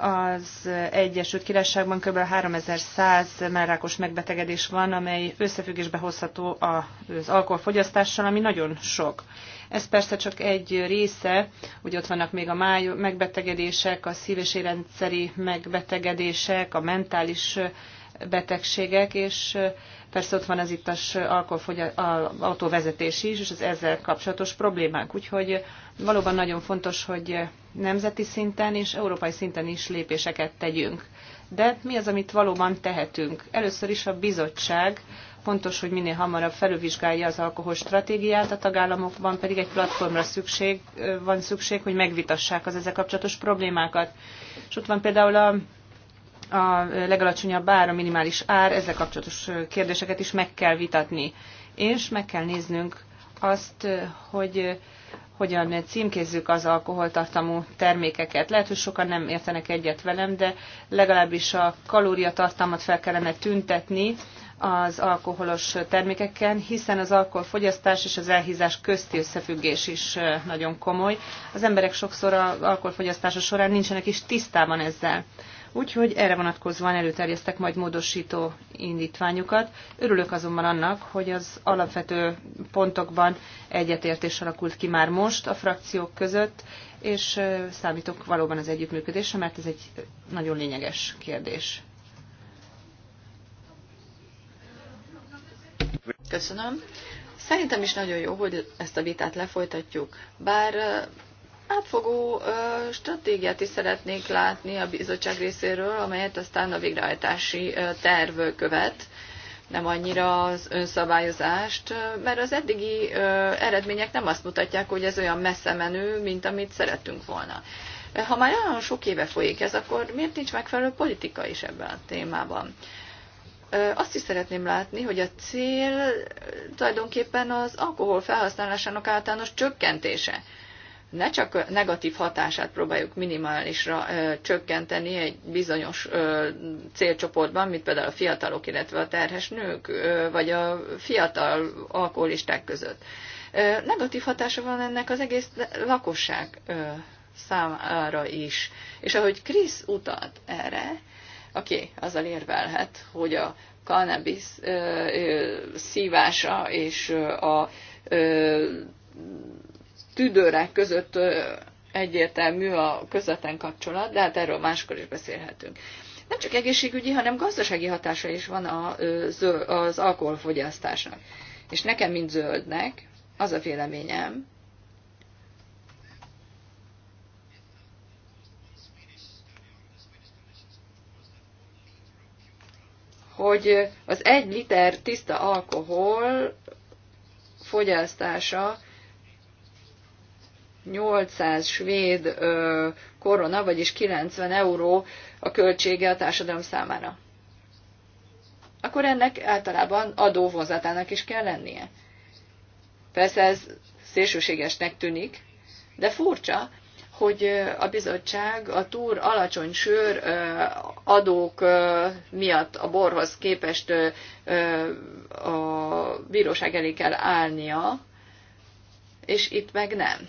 Az Egyesült Királyságban kb. 3100 mellrákos megbetegedés van, amely összefüggésbe hozható az alkoholfogyasztással, ami nagyon sok. Ez persze csak egy része, hogy ott vannak még a máj megbetegedések, a szív- és érrendszeri megbetegedések, a mentális megbetegedések, betegségek, és persze ott van az ittas alkoholfogyat, autóvezetés is, és az ezzel kapcsolatos problémák. Úgyhogy valóban nagyon fontos, hogy nemzeti szinten és európai szinten is lépéseket tegyünk. De mi az, amit valóban tehetünk? Először is a bizottság fontos, hogy minél hamarabb felülvizsgálja az alkohol stratégiát, a tagállamokban pedig egy platformra szükség, van szükség, hogy megvitassák az ezzel kapcsolatos problémákat. És ott van például a a legalacsonyabb ár, a minimális ár, ezzel kapcsolatos kérdéseket is meg kell vitatni. És meg kell néznünk azt, hogy hogyan címkézzük az alkoholtartalmú termékeket. Lehet, hogy sokan nem értenek egyet velem, de legalábbis a kalóriatartalmat fel kellene tüntetni az alkoholos termékeken, hiszen az alkoholfogyasztás és az elhízás közti összefüggés is nagyon komoly. Az emberek sokszor az alkoholfogyasztása során nincsenek is tisztában ezzel. Úgyhogy erre vonatkozóan előterjesztek majd módosító indítványokat. Örülök azonban annak, hogy az alapvető pontokban egyetértés alakult ki már most a frakciók között, és számítok valóban az együttműködésre, mert ez egy nagyon lényeges kérdés. Köszönöm. Szerintem is nagyon jó, hogy ezt a vitát lefolytatjuk, bár átfogó stratégiát is szeretnék látni a bizottság részéről, amelyet aztán a végrehajtási terv követ, nem annyira az önszabályozást, mert az eddigi eredmények nem azt mutatják, hogy ez olyan messze menő, mint amit szerettünk volna. Ha már olyan sok éve folyik ez, akkor miért nincs megfelelő politika is ebben a témában? Azt is szeretném látni, hogy a cél tulajdonképpen az alkohol felhasználásának általános csökkentése ne csak negatív hatását próbáljuk minimálisra csökkenteni egy bizonyos célcsoportban, mint például a fiatalok, illetve a terhes nők, vagy a fiatal alkoholisták között. negatív hatása van ennek az egész lakosság számára is. És ahogy Krisz utalt erre, aki azzal érvelhet, hogy a cannabis szívása és a tüdőrák között egyértelmű a közvetlen kapcsolat, de hát erről máskor is beszélhetünk. Nem csak egészségügyi, hanem gazdasági hatása is van a, az alkoholfogyasztásnak. És nekem, mint zöldnek, az a véleményem, hogy az egy liter tiszta alkohol fogyasztása 800 svéd korona, vagyis 90 euró a költsége a társadalom számára. Akkor ennek általában adóvonzatának is kell lennie. Persze ez szélsőségesnek tűnik, de furcsa, hogy a bizottság a túr alacsony sör adók miatt a borhoz képest a bíróság elé kell állnia, és itt meg nem.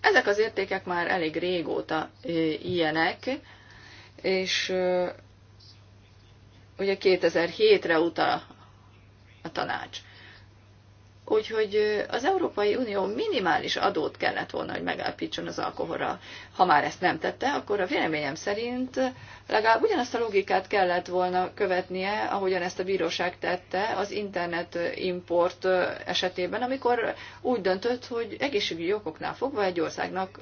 Ezek az értékek már elég régóta ilyenek, és ugye 2007-re utal a tanács. Úgyhogy az Európai Unió minimális adót kellett volna, hogy megállapítson az alkoholra. Ha már ezt nem tette, akkor a véleményem szerint legalább ugyanazt a logikát kellett volna követnie, ahogyan ezt a bíróság tette az internet import esetében, amikor úgy döntött, hogy egészségügyi okoknál fogva egy országnak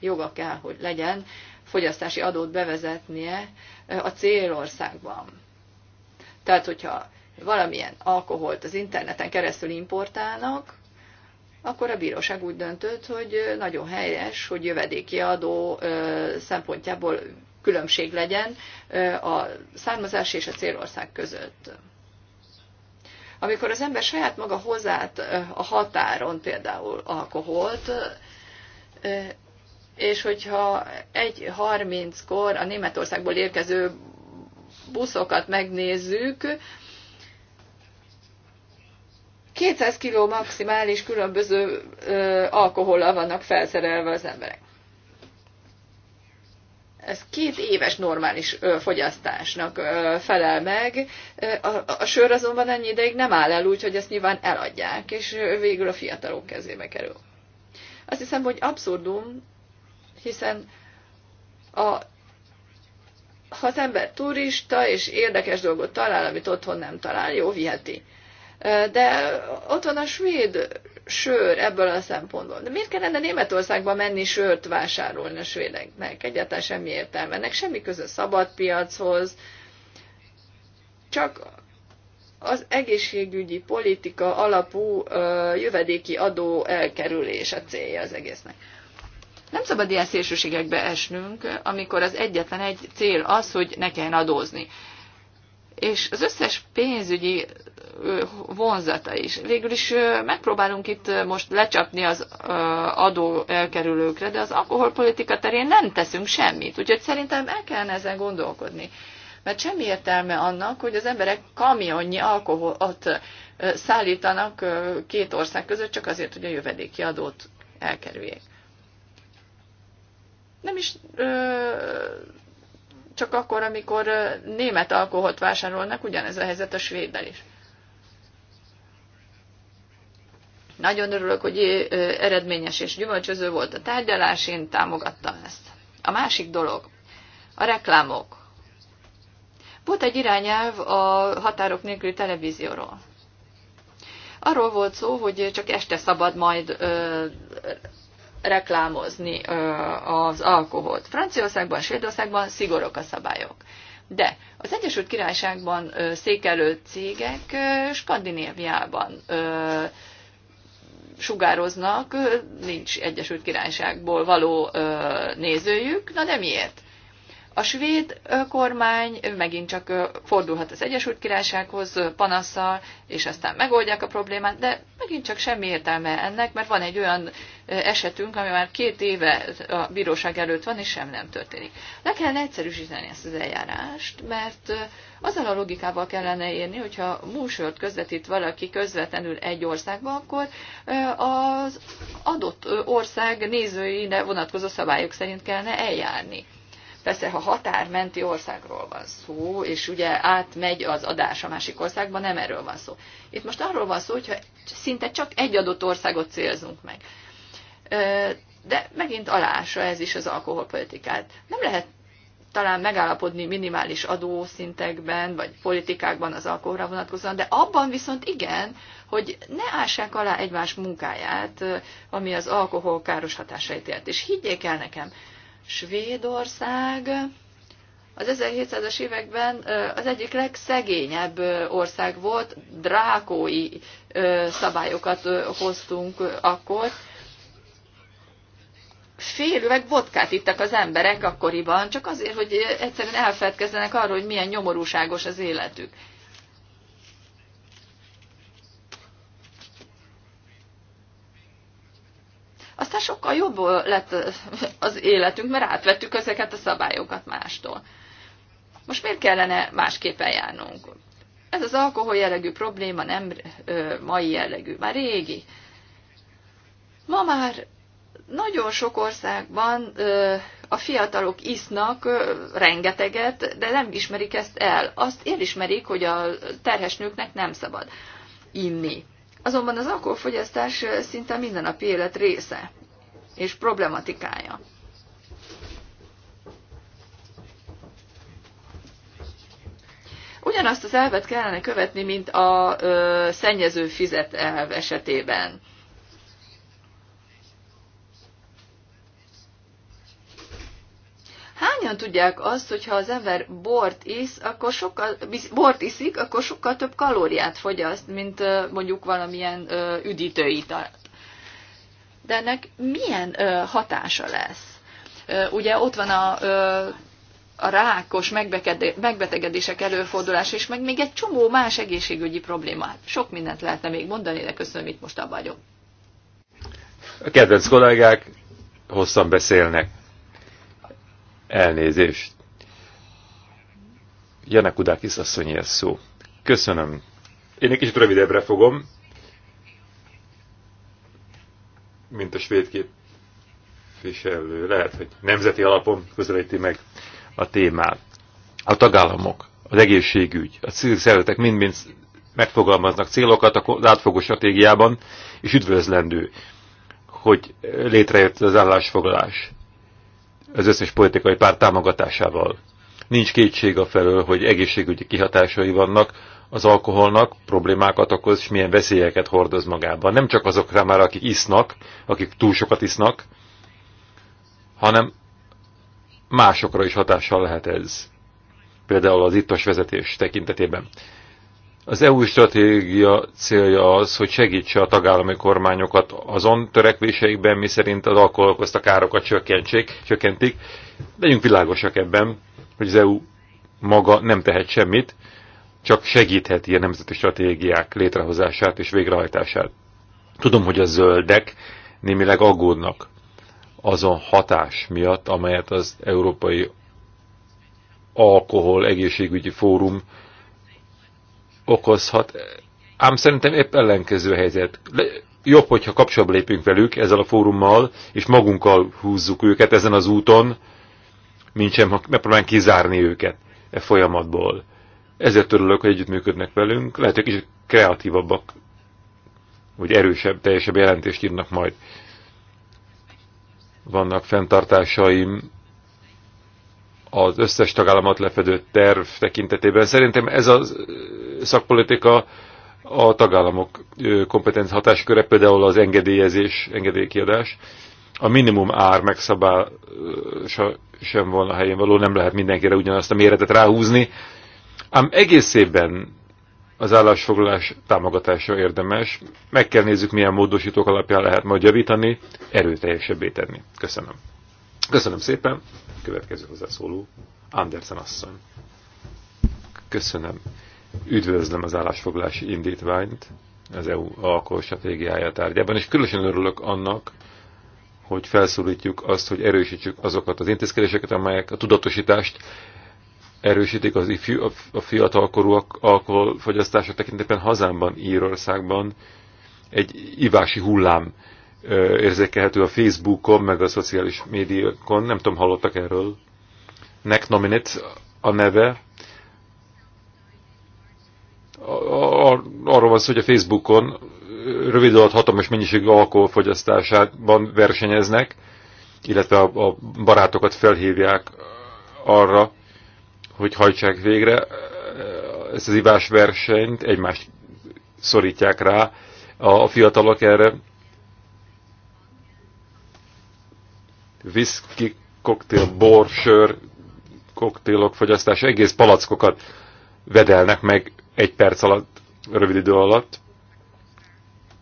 joga kell, hogy legyen fogyasztási adót bevezetnie a célországban. Tehát, hogyha valamilyen alkoholt az interneten keresztül importálnak, akkor a bíróság úgy döntött, hogy nagyon helyes, hogy jövedéki adó szempontjából különbség legyen a származás és a célország között. Amikor az ember saját maga hozát a határon például alkoholt, és hogyha egy 30 kor a Németországból érkező buszokat megnézzük, 200 kg maximális különböző ö, alkohollal vannak felszerelve az emberek. Ez két éves normális ö, fogyasztásnak ö, felel meg. A, a sör azonban ennyi ideig nem áll el, úgy, hogy ezt nyilván eladják, és végül a fiatalok kezébe kerül. Azt hiszem, hogy abszurdum, hiszen a ha az ember turista és érdekes dolgot talál, amit otthon nem talál, jó, viheti. De ott van a svéd sör ebből a szempontból. De miért kellene Németországba menni sört vásárolni a svédeknek? Egyáltalán semmi értelme. Ennek semmi köze szabad piachoz. Csak az egészségügyi politika alapú ö, jövedéki adó elkerülés a célja az egésznek. Nem szabad ilyen szélsőségekbe esnünk, amikor az egyetlen egy cél az, hogy ne kelljen adózni. És az összes pénzügyi vonzata is. Végül is megpróbálunk itt most lecsapni az adó elkerülőkre, de az alkoholpolitika terén nem teszünk semmit. Úgyhogy szerintem el kellene ezen gondolkodni. Mert semmi értelme annak, hogy az emberek kamionnyi alkoholt szállítanak két ország között, csak azért, hogy a jövedéki adót elkerüljék. Nem is csak akkor, amikor német alkoholt vásárolnak, ugyanez a helyzet a svéddel is. Nagyon örülök, hogy eredményes és gyümölcsöző volt a tárgyalás, én támogattam ezt. A másik dolog, a reklámok. Volt egy irányelv a határok nélküli televízióról. Arról volt szó, hogy csak este szabad majd ö, reklámozni ö, az alkoholt. Franciaországban, Svédországban szigorok a szabályok. De az Egyesült Királyságban ö, székelő cégek ö, Skandinéviában ö, sugároznak, nincs Egyesült Királyságból való nézőjük, na de miért? A svéd kormány megint csak fordulhat az Egyesült Királysághoz panaszsal, és aztán megoldják a problémát, de megint csak semmi értelme ennek, mert van egy olyan esetünk, ami már két éve a bíróság előtt van, és sem nem történik. Le kellene egyszerűsíteni ezt az eljárást, mert azzal a logikával kellene érni, hogyha műsort közvetít valaki közvetlenül egy országba, akkor az adott ország nézőire vonatkozó szabályok szerint kellene eljárni. Persze, ha határmenti országról van szó, és ugye átmegy az adás a másik országba, nem erről van szó. Itt most arról van szó, hogyha szinte csak egy adott országot célzunk meg. De megint alása ez is az alkoholpolitikát. Nem lehet talán megállapodni minimális adószintekben, vagy politikákban az alkoholra vonatkozóan, de abban viszont igen, hogy ne ássák alá egymás munkáját, ami az alkohol káros hatásait élt. És higgyék el nekem, Svédország az 1700-as években az egyik legszegényebb ország volt, drákói szabályokat hoztunk akkor, fél üveg vodkát ittak az emberek akkoriban, csak azért, hogy egyszerűen elfedkezzenek arról, hogy milyen nyomorúságos az életük. Aztán sokkal jobb lett az életünk, mert átvettük ezeket a szabályokat mástól. Most miért kellene másképp eljárnunk? Ez az alkohol jellegű probléma nem ö, mai jellegű, már régi. Ma már nagyon sok országban a fiatalok isznak rengeteget, de nem ismerik ezt el. Azt elismerik, hogy a terhes nőknek nem szabad inni. Azonban az alkoholfogyasztás szinte minden a élet része és problematikája. Ugyanazt az elvet kellene követni, mint a ö, szennyező fizet elv esetében. hányan tudják azt, hogyha az ember bort, isz, akkor sokkal, bort iszik, akkor sokkal több kalóriát fogyaszt, mint mondjuk valamilyen üdítőitalt. De ennek milyen hatása lesz? Ugye ott van a, a rákos megbetegedések előfordulása, és meg még egy csomó más egészségügyi problémát. Sok mindent lehetne még mondani, de köszönöm, itt most abba vagyok. A kedvenc kollégák hosszan beszélnek. Elnézést. Janek Udákis asszony ez szó. Köszönöm. Én egy kicsit rövidebbre fogom, mint a svéd képviselő. Lehet, hogy nemzeti alapon közelíti meg a témát. A tagállamok, az egészségügy, a civil szervezetek mind-mind megfogalmaznak célokat az átfogó stratégiában, és üdvözlendő, hogy létrejött az állásfoglalás az összes politikai párt támogatásával. Nincs kétség a felől, hogy egészségügyi kihatásai vannak az alkoholnak, problémákat okoz, és milyen veszélyeket hordoz magában. Nem csak azokra már, akik isznak, akik túl sokat isznak, hanem másokra is hatással lehet ez. Például az ittos vezetés tekintetében. Az EU stratégia célja az, hogy segítse a tagállami kormányokat azon törekvéseikben, miszerint az alkohol a károkat csökkentsék, csökkentik. Legyünk világosak ebben, hogy az EU maga nem tehet semmit, csak segítheti a nemzeti stratégiák létrehozását és végrehajtását. Tudom, hogy a zöldek némileg aggódnak azon hatás miatt, amelyet az Európai Alkohol Egészségügyi Fórum okozhat, ám szerintem épp ellenkező helyzet. Le, jobb, hogyha kapcsolatba lépünk velük ezzel a fórummal, és magunkkal húzzuk őket ezen az úton, mint sem, ha megpróbálunk kizárni őket e folyamatból. Ezért örülök, hogy együttműködnek velünk, lehet, hogy kicsit kreatívabbak, hogy erősebb, teljesebb jelentést írnak majd. Vannak fenntartásaim az összes tagállamat lefedő terv tekintetében. Szerintem ez az szakpolitika a tagállamok kompetenci hatásköre, például az engedélyezés, engedélykiadás. A minimum ár megszabása sem van a helyén való, nem lehet mindenkire ugyanazt a méretet ráhúzni. Ám egész évben az állásfoglalás támogatása érdemes. Meg kell nézzük, milyen módosítók alapján lehet majd javítani, erőteljesebbé tenni. Köszönöm. Köszönöm szépen. Következő hozzászóló, Andersen asszony. Köszönöm. Üdvözlöm az állásfoglalási indítványt az EU alkoholstratégiája tárgyában, és különösen örülök annak, hogy felszólítjuk azt, hogy erősítsük azokat az intézkedéseket, amelyek a tudatosítást erősítik az ifjú, a fiatalkorúak alkoholfogyasztása tekintetben hazámban, Írországban egy ivási hullám érzékelhető a Facebookon, meg a szociális médiakon, nem tudom, hallottak erről. nek Nominate a neve, arról van szó, hogy a Facebookon rövid alatt hatalmas mennyiségű alkoholfogyasztásában versenyeznek, illetve a, a barátokat felhívják arra, hogy hajtsák végre ezt az ivásversenyt, egymást szorítják rá a, a fiatalok erre. Viszki, koktél, bor, sör, koktélok fogyasztása, egész palackokat vedelnek meg egy perc alatt, rövid idő alatt.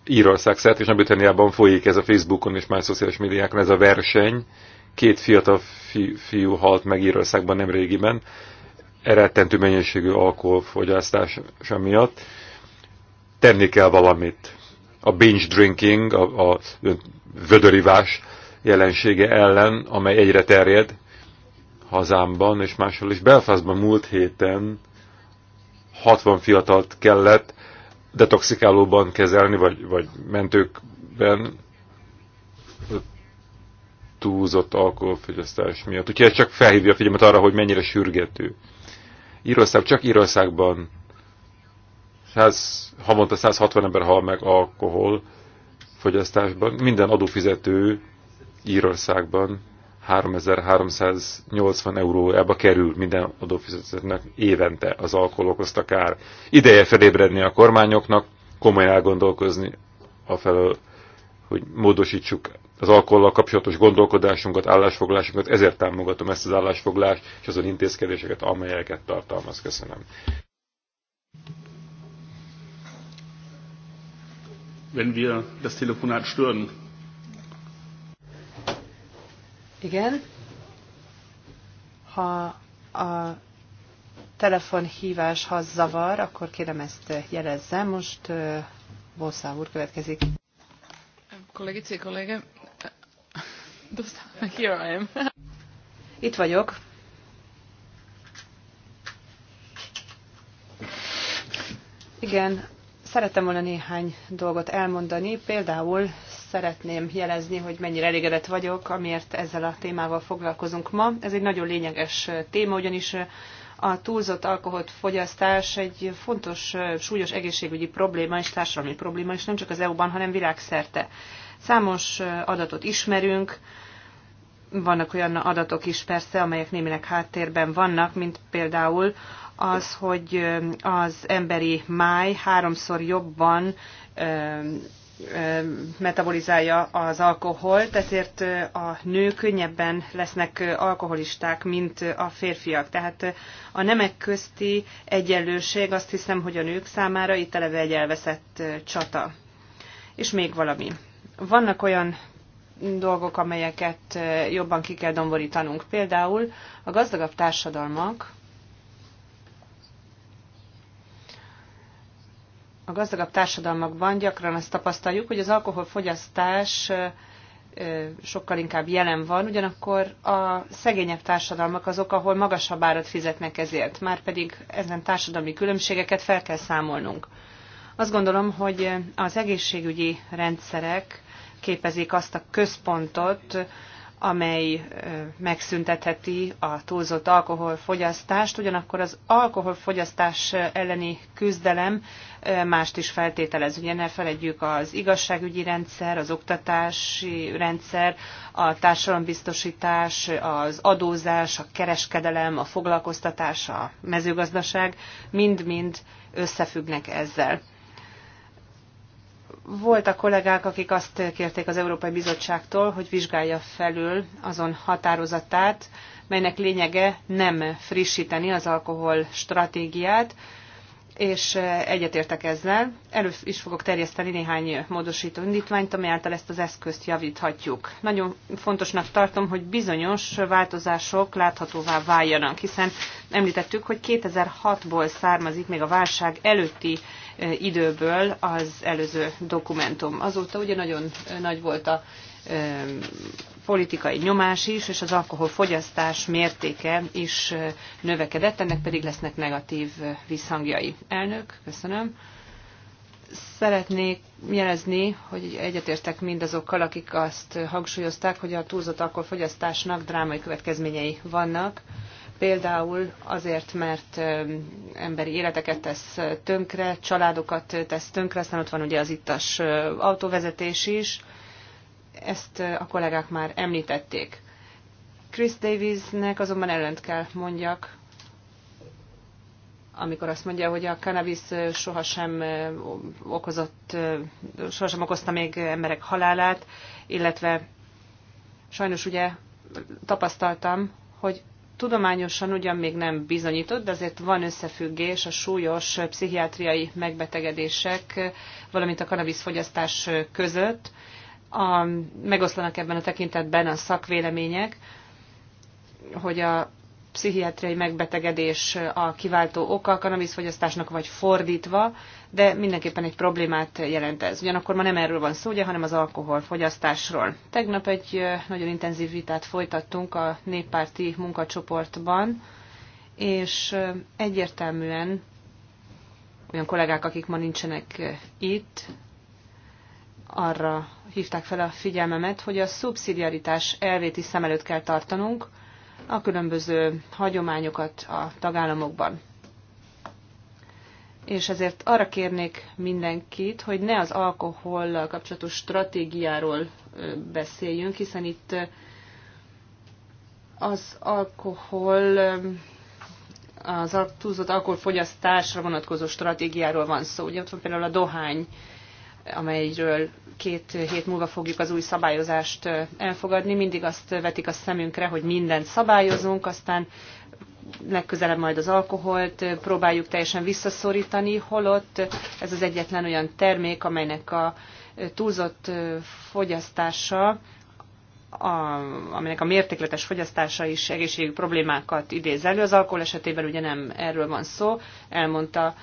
Írország szert és Nagy-Britanniában folyik ez a Facebookon és más szociális médiákon ez a verseny. Két fiatal fi, fiú halt meg Írországban nem régiben, eredtentő mennyiségű alkoholfogyasztása miatt. Tenni kell valamit. A binge drinking, a, a vödörivás jelensége ellen, amely egyre terjed hazámban és máshol is. Belfastban múlt héten 60 fiatalt kellett detoxikálóban kezelni, vagy, vagy mentőkben túlzott alkoholfogyasztás miatt. Úgyhogy ez csak felhívja a figyelmet arra, hogy mennyire sürgető. Írország, csak Írországban 100, havonta 160 ember hal meg alkohol fogyasztásban. Minden adófizető Írországban 3380 eurójába kerül minden adófizetőnek évente az alkohol okozta kár. Ideje felébredni a kormányoknak, komolyan elgondolkozni felől, hogy módosítsuk az alkollal kapcsolatos gondolkodásunkat, állásfoglalásunkat, ezért támogatom ezt az állásfoglást és azon intézkedéseket, amelyeket tartalmaz. Köszönöm. Wenn wir das Telefonat stören, igen. Ha a telefonhívás, ha zavar, akkor kérem ezt eh, jelezze. Most eh, Bosszá úr következik. Kolegice i here I am. Itt vagyok. Igen, szerettem volna néhány dolgot elmondani, például szeretném jelezni, hogy mennyire elégedett vagyok, amiért ezzel a témával foglalkozunk ma. Ez egy nagyon lényeges téma, ugyanis a túlzott alkoholt fogyasztás egy fontos, súlyos egészségügyi probléma és társadalmi probléma, és nem csak az EU-ban, hanem világszerte. Számos adatot ismerünk, vannak olyan adatok is persze, amelyek némileg háttérben vannak, mint például az, hogy az emberi máj háromszor jobban metabolizálja az alkoholt, ezért a nők könnyebben lesznek alkoholisták, mint a férfiak. Tehát a nemek közti egyenlőség azt hiszem, hogy a nők számára itt eleve egy elveszett csata. És még valami. Vannak olyan dolgok, amelyeket jobban ki kell domborítanunk. Például a gazdagabb társadalmak a gazdagabb társadalmakban gyakran azt tapasztaljuk, hogy az alkoholfogyasztás sokkal inkább jelen van, ugyanakkor a szegényebb társadalmak azok, ahol magasabb árat fizetnek ezért, már pedig ezen társadalmi különbségeket fel kell számolnunk. Azt gondolom, hogy az egészségügyi rendszerek képezik azt a központot, amely megszüntetheti a túlzott alkoholfogyasztást, ugyanakkor az alkoholfogyasztás elleni küzdelem mást is feltételez. Ugye ne felejtjük az igazságügyi rendszer, az oktatási rendszer, a társadalombiztosítás, az adózás, a kereskedelem, a foglalkoztatás, a mezőgazdaság, mind-mind összefüggnek ezzel. Voltak kollégák, akik azt kérték az Európai Bizottságtól, hogy vizsgálja felül azon határozatát, melynek lényege nem frissíteni az alkohol stratégiát, és eh, egyetértek ezzel. Először is fogok terjeszteni néhány módosító indítványt, ami által ezt az eszközt javíthatjuk. Nagyon fontosnak tartom, hogy bizonyos változások láthatóvá váljanak, hiszen említettük, hogy 2006-ból származik még a válság előtti eh, időből az előző dokumentum. Azóta ugye nagyon eh, nagy volt a politikai nyomás is, és az alkoholfogyasztás mértéke is növekedett, ennek pedig lesznek negatív visszhangjai. Elnök, köszönöm. Szeretnék jelezni, hogy egyetértek mindazokkal, akik azt hangsúlyozták, hogy a túlzott alkoholfogyasztásnak drámai következményei vannak. Például azért, mert emberi életeket tesz tönkre, családokat tesz tönkre, aztán ott van ugye az ittas autóvezetés is, ezt a kollégák már említették. Chris Davisnek azonban ellent kell mondjak, amikor azt mondja, hogy a cannabis sohasem okozott, sohasem okozta még emberek halálát, illetve sajnos ugye tapasztaltam, hogy tudományosan ugyan még nem bizonyított, de azért van összefüggés a súlyos pszichiátriai megbetegedések, valamint a cannabis fogyasztás között, a, megoszlanak ebben a tekintetben a szakvélemények, hogy a pszichiátriai megbetegedés a kiváltó oka a kanabiszfogyasztásnak, vagy fordítva, de mindenképpen egy problémát jelent ez. Ugyanakkor ma nem erről van szó, ugye, hanem az alkoholfogyasztásról. Tegnap egy nagyon intenzív vitát folytattunk a néppárti munkacsoportban, és egyértelműen olyan kollégák, akik ma nincsenek itt, arra hívták fel a figyelmemet, hogy a szubszidiaritás elvét is szem előtt kell tartanunk a különböző hagyományokat a tagállamokban. És ezért arra kérnék mindenkit, hogy ne az alkohollal kapcsolatos stratégiáról beszéljünk, hiszen itt az alkohol az túlzott alkoholfogyasztásra vonatkozó stratégiáról van szó. Ugye ott van például a dohány amelyről két hét múlva fogjuk az új szabályozást elfogadni. Mindig azt vetik a szemünkre, hogy mindent szabályozunk, aztán legközelebb majd az alkoholt próbáljuk teljesen visszaszorítani, holott ez az egyetlen olyan termék, amelynek a túlzott fogyasztása a, aminek a mértékletes fogyasztása is egészségügyi problémákat idéz elő. Az alkohol esetében ugye nem erről van szó, elmondta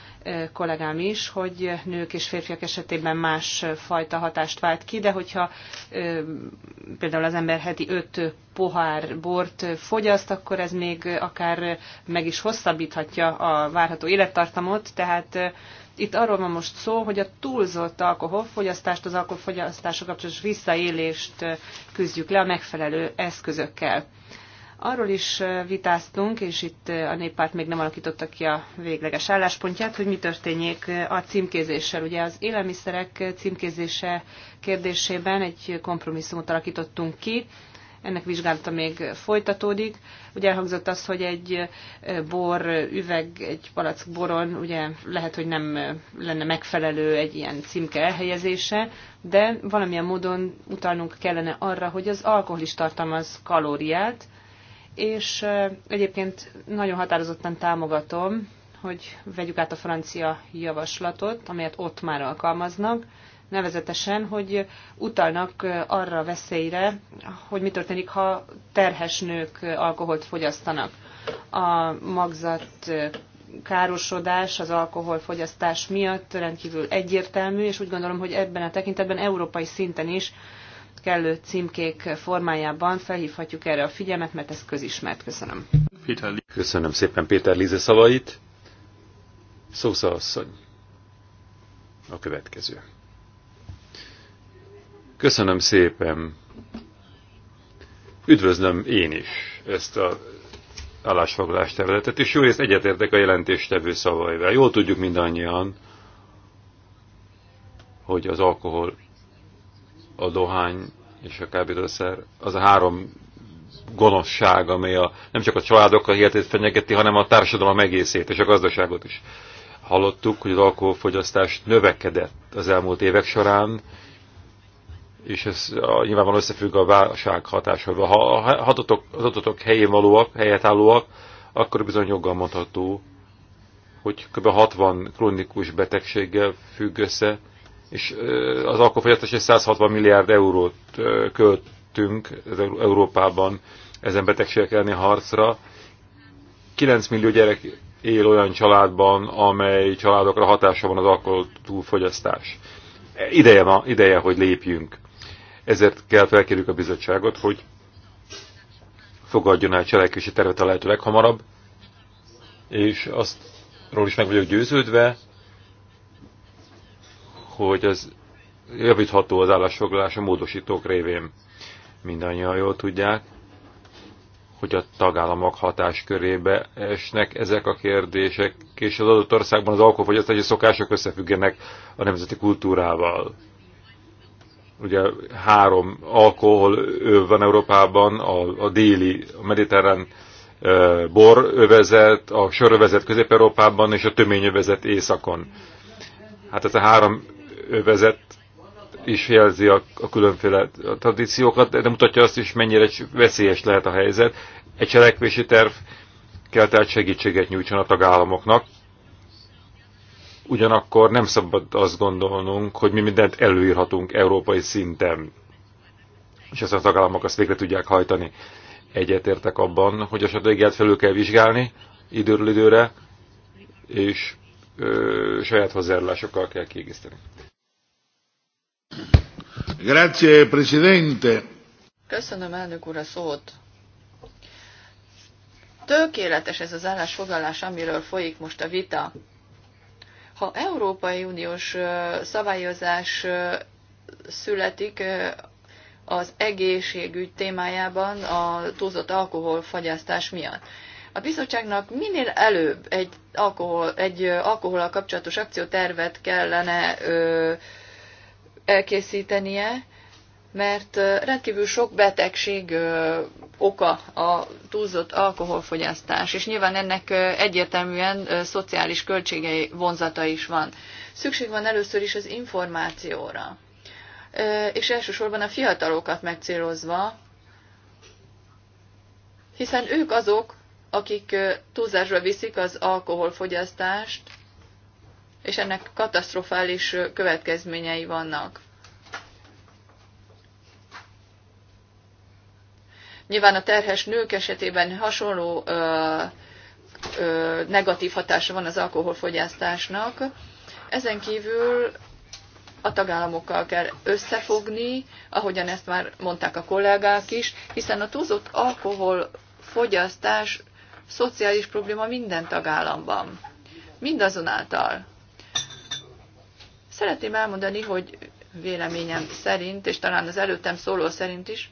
kollégám is, hogy nők és férfiak esetében más fajta hatást vált ki, de hogyha például az ember heti öt pohár bort fogyaszt, akkor ez még akár meg is hosszabbíthatja a várható élettartamot, tehát itt arról van most szó, hogy a túlzott alkoholfogyasztást, az alkoholfogyasztásra kapcsolatos visszaélést küzdjük le a megfelelő eszközökkel. Arról is vitáztunk, és itt a néppárt még nem alakította ki a végleges álláspontját, hogy mi történjék a címkézéssel. Ugye az élelmiszerek címkézése kérdésében egy kompromisszumot alakítottunk ki, ennek vizsgálata még folytatódik. Ugye elhangzott az, hogy egy eh, bor üveg, egy palack boron, ugye lehet, hogy nem eh, lenne megfelelő egy ilyen címke elhelyezése, de valamilyen módon utalnunk kellene arra, hogy az alkohol is tartalmaz kalóriát, és eh, egyébként nagyon határozottan támogatom, hogy vegyük át a francia javaslatot, amelyet ott már alkalmaznak, nevezetesen, hogy utalnak arra a veszélyre, hogy mi történik, ha terhes nők alkoholt fogyasztanak. A magzat károsodás az alkoholfogyasztás miatt rendkívül egyértelmű, és úgy gondolom, hogy ebben a tekintetben európai szinten is kellő címkék formájában felhívhatjuk erre a figyelmet, mert ez közismert. Köszönöm. Köszönöm szépen Péter Lize szavait. Szósza asszony. A következő. Köszönöm szépen. Üdvözlöm én is ezt a állásfoglalás területet, és jó részt egyetértek a jelentéstevő szavaival. Jól tudjuk mindannyian, hogy az alkohol, a dohány és a kábítószer az a három gonoszság, amely a, nem csak a családokkal hihetét fenyegeti, hanem a társadalom egészét és a gazdaságot is. Hallottuk, hogy az alkoholfogyasztás növekedett az elmúlt évek során, és ez nyilvánvalóan összefügg a válság hatásával. Ha az adatok helyén valóak, állóak, akkor bizony joggal mondható, hogy kb. 60 krónikus betegséggel függ össze, és az alkoholfogyasztás 160 milliárd eurót költünk Európában ezen betegségek elleni harcra. 9 millió gyerek él olyan családban, amely családokra hatása van az alkohol túlfogyasztás. Ideje, van, ideje, hogy lépjünk. Ezért kell felkérjük a bizottságot, hogy fogadjon el cselekvési tervet a lehető leghamarabb, és aztról is meg vagyok győződve, hogy ez javítható az állásfoglalás a módosítók révén. Mindannyian jól tudják, hogy a tagállamok hatáskörébe esnek ezek a kérdések, és az adott országban az alkoholfogyasztási szokások összefüggenek a nemzeti kultúrával. Ugye három alkohol van Európában, a, a déli, a mediterrán e, borövezet, a sörövezet Közép-Európában és a töményövezet Északon. Hát ez a három övezet is jelzi a, a különféle tradíciókat, de mutatja azt is, mennyire veszélyes lehet a helyzet. Egy cselekvési terv kell tehát segítséget nyújtson a tagállamoknak, Ugyanakkor nem szabad azt gondolnunk, hogy mi mindent előírhatunk európai szinten, és ezt a tagállamok azt végre tudják hajtani. Egyetértek abban, hogy a stratégiát felül kell vizsgálni időről időre, és ö, saját hozzájárulásokkal kell kiegészíteni. Grazie, Presidente. Köszönöm, elnök úr, a szót. Tökéletes ez az állásfoglalás, amiről folyik most a vita. Ha Európai Uniós szabályozás születik az egészségügy témájában a túlzott alkoholfogyasztás miatt. A bizottságnak minél előbb egy, alkohol, egy alkohol kapcsolatos akciótervet kellene ö, elkészítenie, mert rendkívül sok betegség oka a túlzott alkoholfogyasztás, és nyilván ennek egyértelműen szociális költségei vonzata is van. Szükség van először is az információra, és elsősorban a fiatalokat megcélozva, hiszen ők azok, akik túlzásra viszik az alkoholfogyasztást, és ennek katasztrofális következményei vannak. Nyilván a terhes nők esetében hasonló ö, ö, negatív hatása van az alkoholfogyasztásnak. Ezen kívül a tagállamokkal kell összefogni, ahogyan ezt már mondták a kollégák is, hiszen a túlzott alkoholfogyasztás szociális probléma minden tagállamban. Mindazonáltal. Szeretném elmondani, hogy véleményem szerint, és talán az előttem szóló szerint is,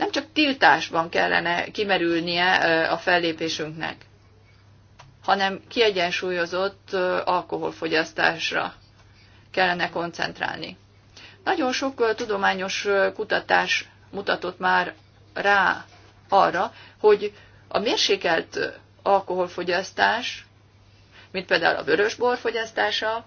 Nem csak tiltásban kellene kimerülnie a fellépésünknek, hanem kiegyensúlyozott alkoholfogyasztásra kellene koncentrálni. Nagyon sok tudományos kutatás mutatott már rá arra, hogy a mérsékelt alkoholfogyasztás, mint például a vörösbor fogyasztása,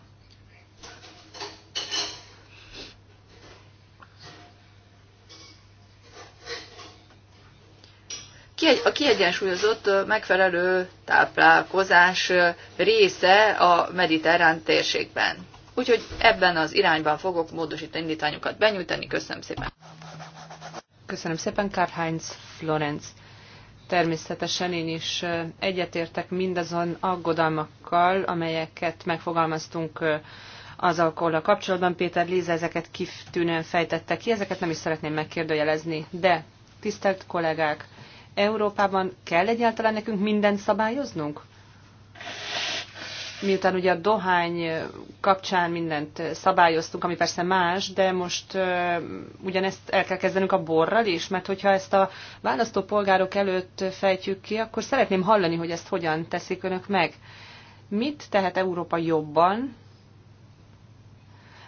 a kiegyensúlyozott megfelelő táplálkozás része a mediterrán térségben. Úgyhogy ebben az irányban fogok módosítani indítványokat benyújtani. Köszönöm szépen. Köszönöm szépen, Karl-Heinz Florenz. Természetesen én is egyetértek mindazon aggodalmakkal, amelyeket megfogalmaztunk az alkoholra kapcsolatban. Péter Líza ezeket kiftűnően fejtette ki, ezeket nem is szeretném megkérdőjelezni. De, tisztelt kollégák, Európában kell egyáltalán nekünk mindent szabályoznunk? Miután ugye a dohány kapcsán mindent szabályoztunk, ami persze más, de most uh, ugyanezt el kell kezdenünk a borral is, mert hogyha ezt a választópolgárok előtt fejtjük ki, akkor szeretném hallani, hogy ezt hogyan teszik önök meg. Mit tehet Európa jobban,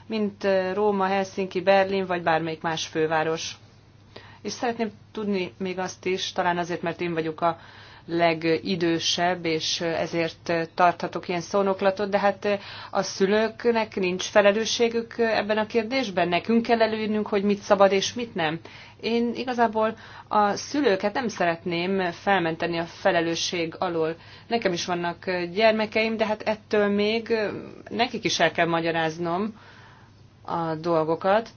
mint Róma, Helsinki, Berlin vagy bármelyik más főváros? És szeretném tudni még azt is, talán azért, mert én vagyok a legidősebb, és ezért tarthatok ilyen szónoklatot, de hát a szülőknek nincs felelősségük ebben a kérdésben. Nekünk kell előírnünk, hogy mit szabad és mit nem. Én igazából a szülőket nem szeretném felmenteni a felelősség alól. Nekem is vannak gyermekeim, de hát ettől még nekik is el kell magyaráznom a dolgokat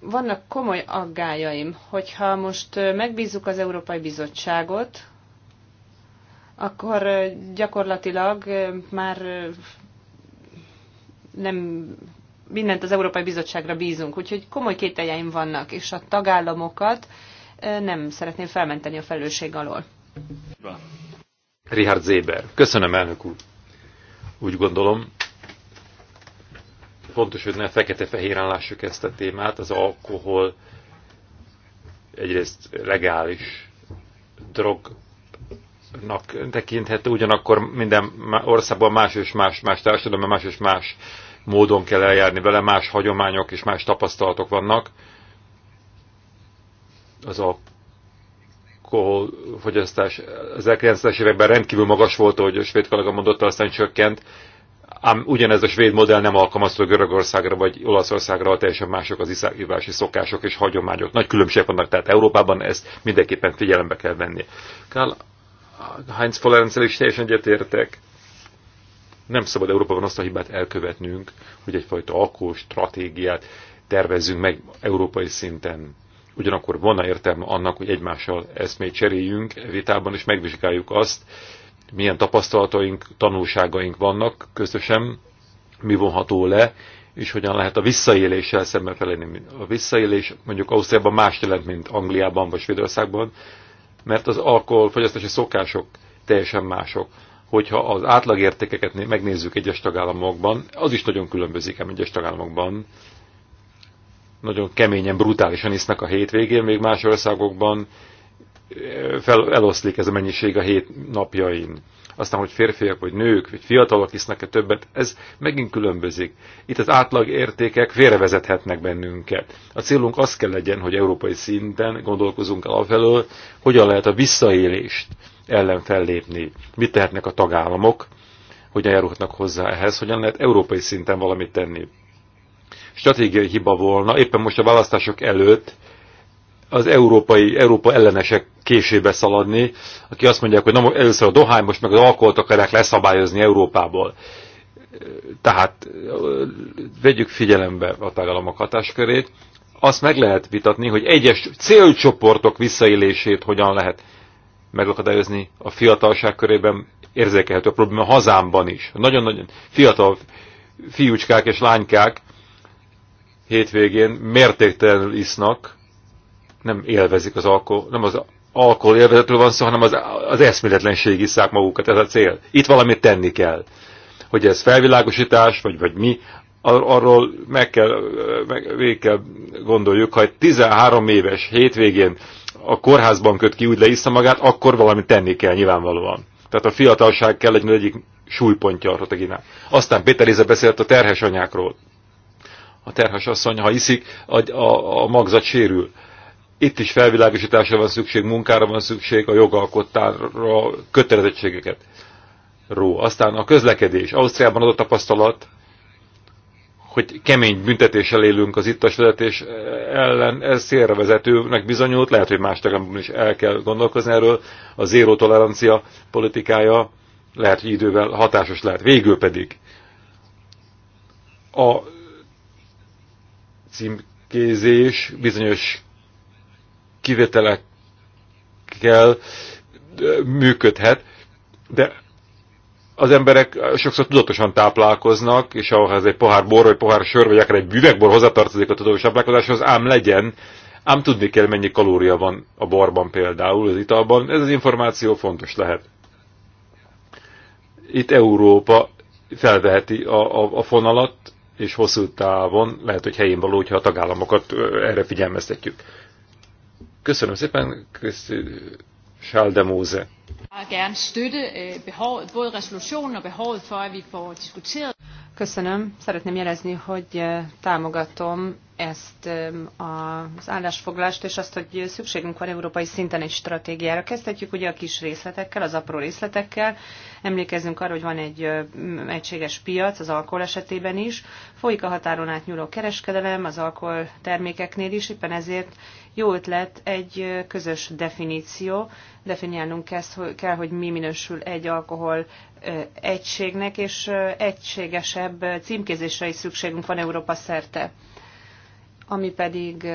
vannak komoly aggájaim, hogyha most megbízzuk az Európai Bizottságot, akkor gyakorlatilag már nem mindent az Európai Bizottságra bízunk, úgyhogy komoly kételjeim vannak, és a tagállamokat nem szeretném felmenteni a felelősség alól. Richard Zéber. Köszönöm, elnök úr. Úgy gondolom, fontos, hogy ne fekete-fehéren lássuk ezt a témát, az alkohol egyrészt legális drognak tekinthető, ugyanakkor minden országban más és más, más társadalomban más és más módon kell eljárni vele, más hagyományok és más tapasztalatok vannak. Az alkoholfogyasztás az 1900-es években rendkívül magas volt, ahogy a svéd kollega mondotta, aztán csökkent, ám ugyanez a svéd modell nem alkalmazható Görögországra vagy Olaszországra, a teljesen mások az iszállítási szokások és hagyományok. Nagy különbség vannak, tehát Európában ezt mindenképpen figyelembe kell venni. Kál, Heinz Follerenzel is teljesen egyetértek. Nem szabad Európában azt a hibát elkövetnünk, hogy egyfajta alkó stratégiát tervezzünk meg európai szinten. Ugyanakkor van értelme annak, hogy egymással eszmét cseréljünk e vitában, és megvizsgáljuk azt, milyen tapasztalataink, tanulságaink vannak közösen, mi vonható le, és hogyan lehet a visszaéléssel szemben felelni. A visszaélés mondjuk Ausztriában más jelent, mint Angliában vagy Svédországban, mert az alkoholfogyasztási szokások teljesen mások. Hogyha az átlagértékeket megnézzük egyes tagállamokban, az is nagyon különbözik em egyes tagállamokban. Nagyon keményen, brutálisan isznak a hétvégén, még más országokban fel, eloszlik ez a mennyiség a hét napjain. Aztán, hogy férfiak, vagy nők, vagy fiatalok isznak-e többet, ez megint különbözik. Itt az átlag értékek félrevezethetnek bennünket. A célunk az kell legyen, hogy európai szinten gondolkozunk el afelől, hogyan lehet a visszaélést ellen fellépni. Mit tehetnek a tagállamok, hogyan járulhatnak hozzá ehhez, hogyan lehet európai szinten valamit tenni. Stratégiai hiba volna, éppen most a választások előtt az európai, Európa ellenesek késébe szaladni, aki azt mondják, hogy na, először a dohány, most meg az alkoholt akarják leszabályozni Európából. Tehát vegyük figyelembe a tagállamok hatáskörét. Azt meg lehet vitatni, hogy egyes célcsoportok visszaélését hogyan lehet megakadályozni a fiatalság körében érzékelhető a probléma a hazámban is. Nagyon-nagyon fiatal fiúcskák és lánykák hétvégén mértéktelenül isznak, nem élvezik az alkohol, nem az alkohol élvezetről van szó, hanem az, az eszméletlenség iszák magukat, ez a cél. Itt valamit tenni kell. Hogy ez felvilágosítás, vagy, vagy mi, arról meg kell, meg, végig kell gondoljuk, ha egy 13 éves hétvégén a kórházban köt ki, úgy leissza magát, akkor valamit tenni kell nyilvánvalóan. Tehát a fiatalság kell egy egyik súlypontja a rotaginál. Aztán Péter Éze beszélt a terhes anyákról. A terhes asszony, ha iszik, a, a, a magzat sérül itt is felvilágosításra van szükség, munkára van szükség, a jogalkottára kötelezettségeket ró. Aztán a közlekedés. Ausztriában adott tapasztalat, hogy kemény büntetéssel élünk az ittas vezetés ellen, ez szélrevezetőnek bizonyult, lehet, hogy más teremben is el kell gondolkozni erről, a zéró tolerancia politikája lehet, hogy idővel hatásos lehet. Végül pedig a címkézés bizonyos kivételekkel működhet, de az emberek sokszor tudatosan táplálkoznak, és ahhoz ez egy pohár bor, vagy pohár sör, vagy akár egy üvegbor hozzatartozik a tudatos táplálkozáshoz, ám legyen, ám tudni kell, mennyi kalória van a borban például, az italban. Ez az információ fontos lehet. Itt Európa felveheti a, a, a fonalat, és hosszú távon lehet, hogy helyén való, hogyha a tagállamokat erre figyelmeztetjük. Köszönöm szépen, Kriszti Schaldemose. Øh, Köszönöm. Szeretném jelezni, hogy támogatom ezt az állásfoglást, és azt, hogy szükségünk van európai szinten egy stratégiára. Kezdhetjük ugye a kis részletekkel, az apró részletekkel. Emlékezzünk arra, hogy van egy egységes piac az alkohol esetében is. Folyik a határon átnyúló kereskedelem az alkohol termékeknél is, éppen ezért jó ötlet egy közös definíció, definiálnunk kell, hogy mi minősül egy alkohol egységnek, és egységesebb címkézésre is szükségünk van Európa szerte. Ami pedig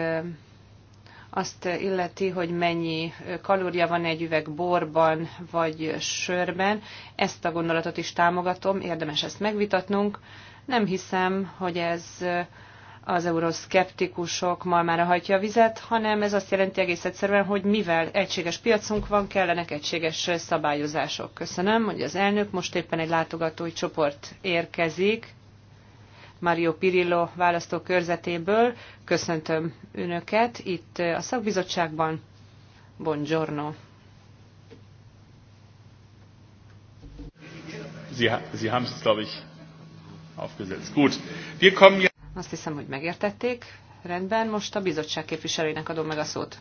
azt illeti, hogy mennyi kalória van egy üveg borban vagy sörben. Ezt a gondolatot is támogatom, érdemes ezt megvitatnunk. Nem hiszem, hogy ez az euroszkeptikusok ma már hajtja a vizet, hanem ez azt jelenti egész egyszerűen, hogy mivel egységes piacunk van, kellenek egységes szabályozások. Köszönöm, hogy az elnök most éppen egy látogatói csoport érkezik. Mario Pirillo körzetéből Köszöntöm Önöket itt eh, a szakbizottságban. Buongiorno. Sie, Sie haben es, glaube ich, aufgesetzt. Gut. Wir kommen jetzt azt hiszem, hogy megértették. Rendben, most a bizottság képviselőinek adom meg a szót.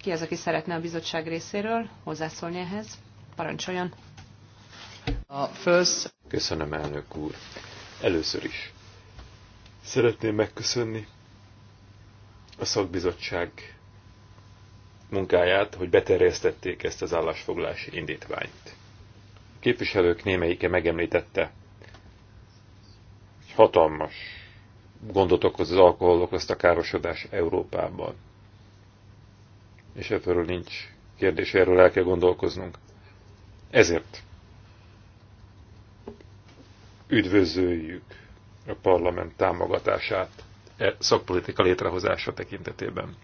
Ki az, aki szeretne a bizottság részéről hozzászólni ehhez? Parancsoljon. A first... Köszönöm, elnök úr. Először is szeretném megköszönni a szakbizottság munkáját, hogy beterjesztették ezt az állásfoglási indítványt. A képviselők némelyike megemlítette hatalmas gondot okoz az alkohol okozta károsodás Európában. És ebből nincs kérdés, erről el kell gondolkoznunk. Ezért üdvözöljük a parlament támogatását e szakpolitika létrehozása tekintetében.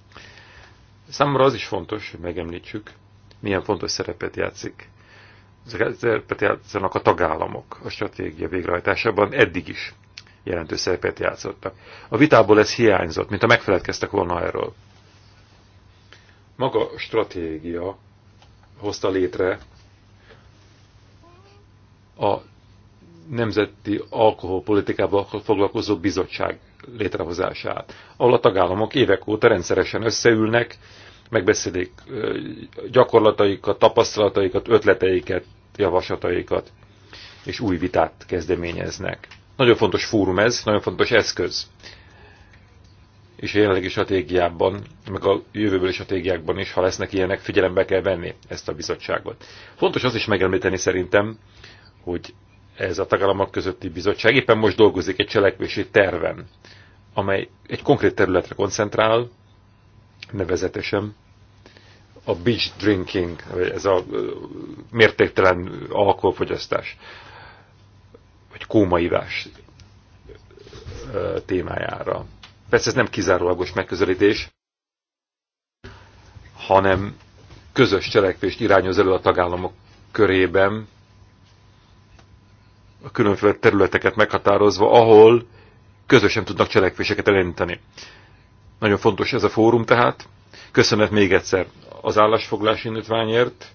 Számomra az is fontos, hogy megemlítsük, milyen fontos szerepet játszik szerepet játszanak a tagállamok a stratégia végrehajtásában eddig is jelentős szerepet játszottak. A vitából ez hiányzott, mint a megfeledkeztek volna erről. Maga stratégia hozta létre a Nemzeti Alkoholpolitikával foglalkozó bizottság létrehozását, ahol a tagállamok évek óta rendszeresen összeülnek, megbeszélik gyakorlataikat, tapasztalataikat, ötleteiket, javaslataikat, és új vitát kezdeményeznek. Nagyon fontos fórum ez, nagyon fontos eszköz. És a jelenlegi stratégiában, meg a jövőbeli stratégiákban is, ha lesznek ilyenek, figyelembe kell venni ezt a bizottságot. Fontos az is megemlíteni szerintem, hogy ez a tagállamok közötti bizottság éppen most dolgozik egy cselekvési terven, amely egy konkrét területre koncentrál, nevezetesen a beach drinking, ez a mértéktelen alkoholfogyasztás vagy kómaivás témájára. Persze ez nem kizárólagos megközelítés, hanem közös cselekvést irányoz elő a tagállamok körében, a különféle területeket meghatározva, ahol közösen tudnak cselekvéseket elindítani. Nagyon fontos ez a fórum tehát. Köszönet még egyszer az állásfoglalási indítványért,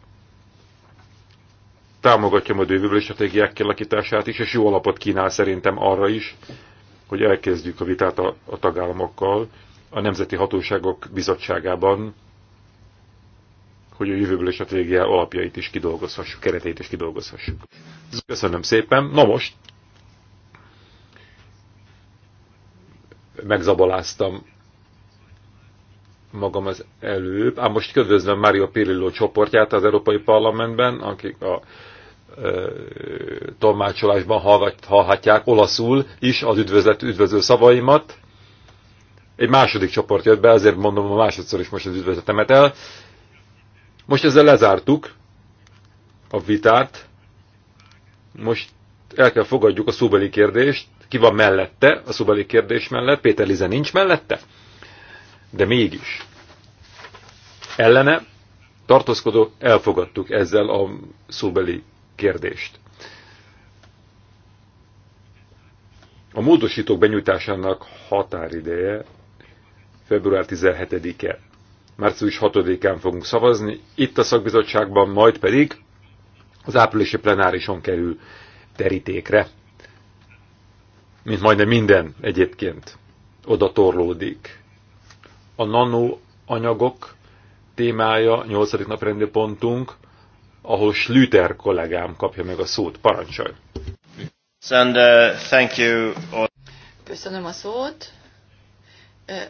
támogatja a bővülő stratégiák kialakítását is, és jó alapot kínál szerintem arra is, hogy elkezdjük a vitát a, a tagállamokkal a Nemzeti Hatóságok Bizottságában, hogy a a stratégia alapjait is kidolgozhassuk, keretét is kidolgozhassuk. Köszönöm szépen. Na most megzabaláztam magam az előbb, ám most ködözöm Mario Pirillo csoportját az Európai Parlamentben, akik a tolmácsolásban hallhatják olaszul is az üdvözlet üdvözlő szavaimat. Egy második csoport jött be, ezért mondom a másodszor is most az üdvözletemet el. Most ezzel lezártuk a vitát. Most el kell fogadjuk a szóbeli kérdést. Ki van mellette, a szóbeli kérdés mellett? Péter Lize nincs mellette? de mégis ellene tartózkodó elfogadtuk ezzel a szóbeli kérdést. A módosítók benyújtásának határideje február 17-e. Március 6-án fogunk szavazni, itt a szakbizottságban, majd pedig az áprilisi plenárison kerül terítékre. Mint majdnem minden egyébként oda torlódik a nanoanyagok témája, 8. naprendi pontunk, ahol Schlüter kollégám kapja meg a szót. Parancsolj! Uh, thank you Köszönöm a szót.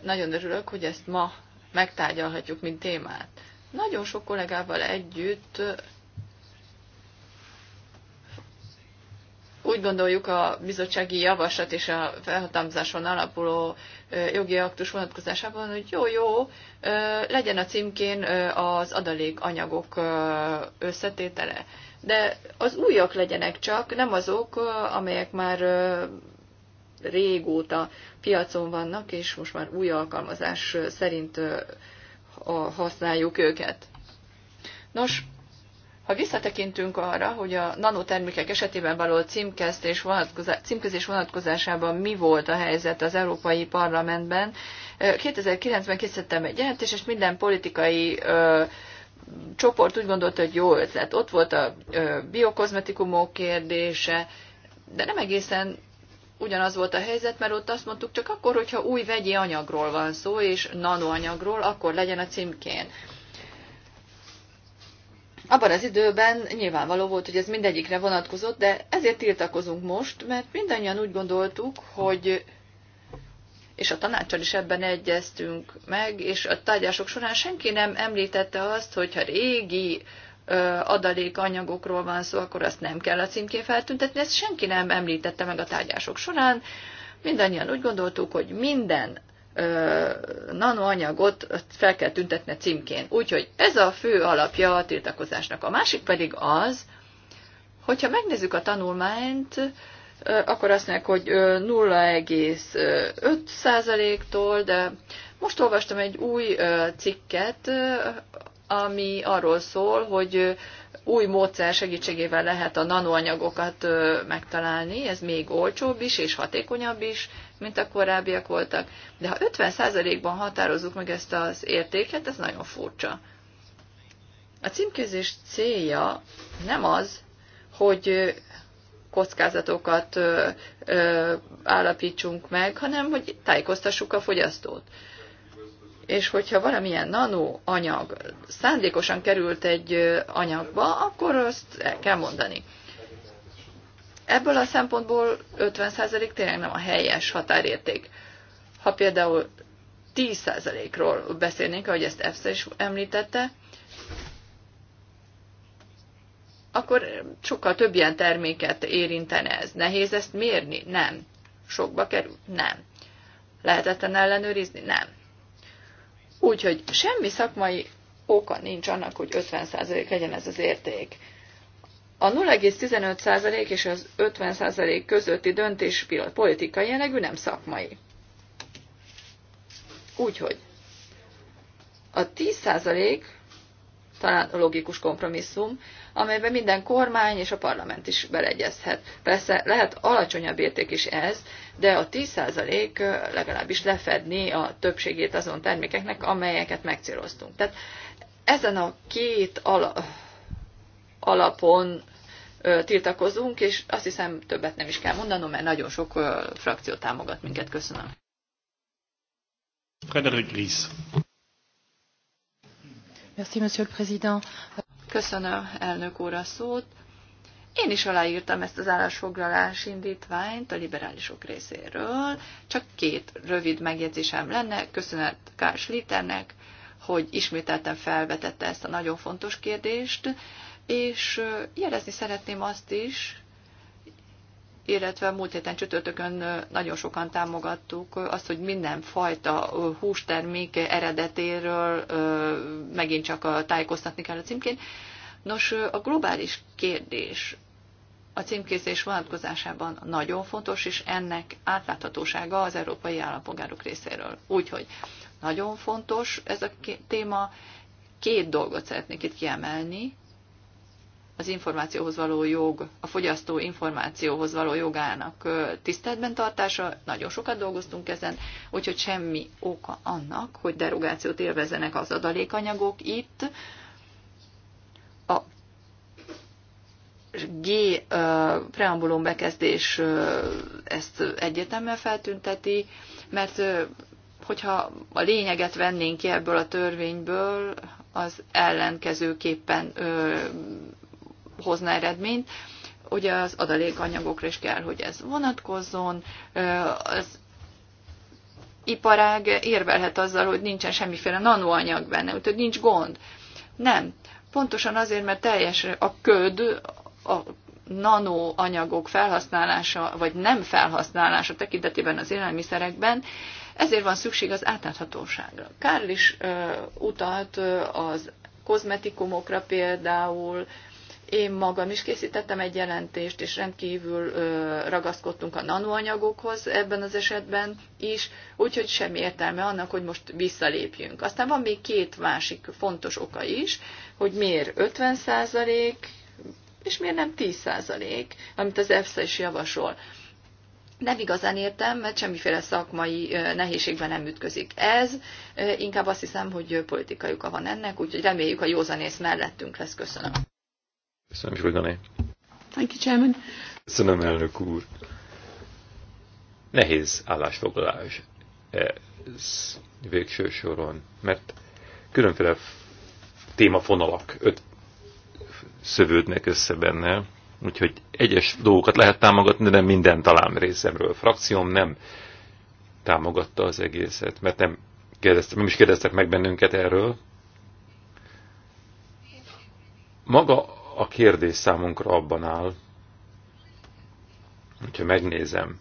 Nagyon örülök, hogy ezt ma megtárgyalhatjuk, mint témát. Nagyon sok kollégával együtt úgy gondoljuk a bizottsági javaslat és a felhatalmazáson alapuló jogi aktus vonatkozásában, hogy jó, jó, legyen a címkén az adalék anyagok összetétele. De az újak legyenek csak, nem azok, amelyek már régóta piacon vannak, és most már új alkalmazás szerint használjuk őket. Nos, ha visszatekintünk arra, hogy a nanotermékek esetében való címkezés, vonatkozás, címkezés vonatkozásában mi volt a helyzet az Európai Parlamentben, 2009-ben készítettem egy jelentést, és minden politikai ö, csoport úgy gondolta, hogy jó ötlet. Ott volt a ö, biokozmetikumok kérdése, de nem egészen ugyanaz volt a helyzet, mert ott azt mondtuk, csak akkor, hogyha új vegyi anyagról van szó, és nanoanyagról, akkor legyen a címkén. Abban az időben nyilvánvaló volt, hogy ez mindegyikre vonatkozott, de ezért tiltakozunk most, mert mindannyian úgy gondoltuk, hogy és a tanácsal is ebben egyeztünk meg, és a tárgyások során senki nem említette azt, hogy ha régi adalékanyagokról van szó, akkor azt nem kell a címkén feltüntetni, ezt senki nem említette meg a tárgyások során. Mindannyian úgy gondoltuk, hogy minden nanoanyagot fel kell tüntetni címként. Úgyhogy ez a fő alapja a tiltakozásnak. A másik pedig az, hogyha megnézzük a tanulmányt, akkor azt mondják, hogy 0,5%-tól, de most olvastam egy új cikket, ami arról szól, hogy új módszer segítségével lehet a nanoanyagokat megtalálni, ez még olcsóbb is és hatékonyabb is, mint a korábbiak voltak. De ha 50%-ban határozzuk meg ezt az értéket, ez nagyon furcsa. A címkézés célja nem az, hogy kockázatokat állapítsunk meg, hanem hogy tájékoztassuk a fogyasztót és hogyha valamilyen nano anyag szándékosan került egy anyagba, akkor azt el kell mondani. Ebből a szempontból 50% tényleg nem a helyes határérték. Ha például 10%-ról beszélnénk, ahogy ezt EFSA is említette, akkor sokkal több ilyen terméket érintene ez. Nehéz ezt mérni? Nem. Sokba kerül? Nem. Lehetetlen ellenőrizni? Nem. Úgyhogy semmi szakmai oka nincs annak, hogy 50% legyen ez az érték. A 0,15% és az 50% közötti döntés politikai jellegű, nem szakmai. Úgyhogy a talán logikus kompromisszum, amelyben minden kormány és a parlament is beleegyezhet. Persze lehet alacsonyabb érték is ez, de a 10% legalábbis lefedni a többségét azon termékeknek, amelyeket megcéloztunk. Tehát ezen a két ala, alapon tiltakozunk, és azt hiszem többet nem is kell mondanom, mert nagyon sok frakció támogat minket. Köszönöm. Frederik Ries. Köszönöm, elnök úr, a szót. Én is aláírtam ezt az állásfoglalás indítványt a liberálisok részéről. Csak két rövid megjegyzésem lenne. Köszönet kárs Sliternek, hogy ismételten felvetette ezt a nagyon fontos kérdést, és jelezni szeretném azt is, illetve a múlt héten csütörtökön nagyon sokan támogattuk azt, hogy minden fajta hústermék eredetéről megint csak tájékoztatni kell a címkén. Nos, a globális kérdés a címkézés vonatkozásában nagyon fontos, és ennek átláthatósága az európai állampolgárok részéről. Úgyhogy nagyon fontos ez a téma. Két dolgot szeretnék itt kiemelni az információhoz való jog, a fogyasztó információhoz való jogának tiszteletben tartása. Nagyon sokat dolgoztunk ezen, úgyhogy semmi oka annak, hogy derogációt élvezenek az adalékanyagok itt. A G preambulum bekezdés ezt egyértelműen feltünteti, mert hogyha a lényeget vennénk ki ebből a törvényből, az ellenkezőképpen ö, hozna eredményt, ugye az adalékanyagokra is kell, hogy ez vonatkozzon, az iparág érvelhet azzal, hogy nincsen semmiféle nanoanyag benne, úgyhogy nincs gond. Nem. Pontosan azért, mert teljes a köd, a nanoanyagok felhasználása, vagy nem felhasználása tekintetében az élelmiszerekben, ezért van szükség az átláthatóságra. Kárl is utalt az kozmetikumokra például, én magam is készítettem egy jelentést, és rendkívül ragaszkodtunk a nanoanyagokhoz ebben az esetben is, úgyhogy semmi értelme annak, hogy most visszalépjünk. Aztán van még két másik fontos oka is, hogy miért 50 és miért nem 10 amit az EFSA is javasol. Nem igazán értem, mert semmiféle szakmai nehézségben nem ütközik ez. Inkább azt hiszem, hogy politikai oka van ennek, úgyhogy reméljük a józanész mellettünk lesz. Köszönöm. Köszönöm, Zsuldané. Thank you, Chairman. Köszönöm, elnök úr. Nehéz állásfoglalás eh, ez végső soron, mert különféle témafonalak öt szövődnek össze benne, úgyhogy egyes dolgokat lehet támogatni, de nem minden talán részemről. A frakcióm nem támogatta az egészet, mert nem, kérdeztek, nem is kérdeztek meg bennünket erről. Maga a kérdés számunkra abban áll, hogyha megnézem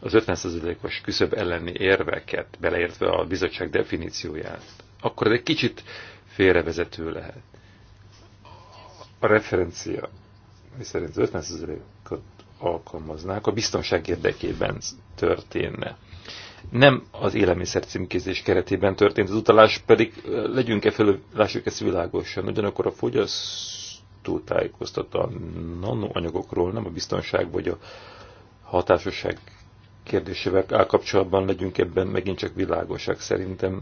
az 50%-os küszöb elleni érveket, beleértve a bizottság definícióját, akkor ez egy kicsit félrevezető lehet. A referencia, miszerint az 50%-ot alkalmaznák, a biztonság érdekében történne. Nem az élelmiszer címkézés keretében történt az utalás, pedig legyünk-e fölül, lássuk ezt világosan, ugyanakkor a fogyasztó sajtó a nanoanyagokról, nem a biztonság vagy a hatásosság kérdésével kapcsolatban legyünk ebben megint csak világosak. Szerintem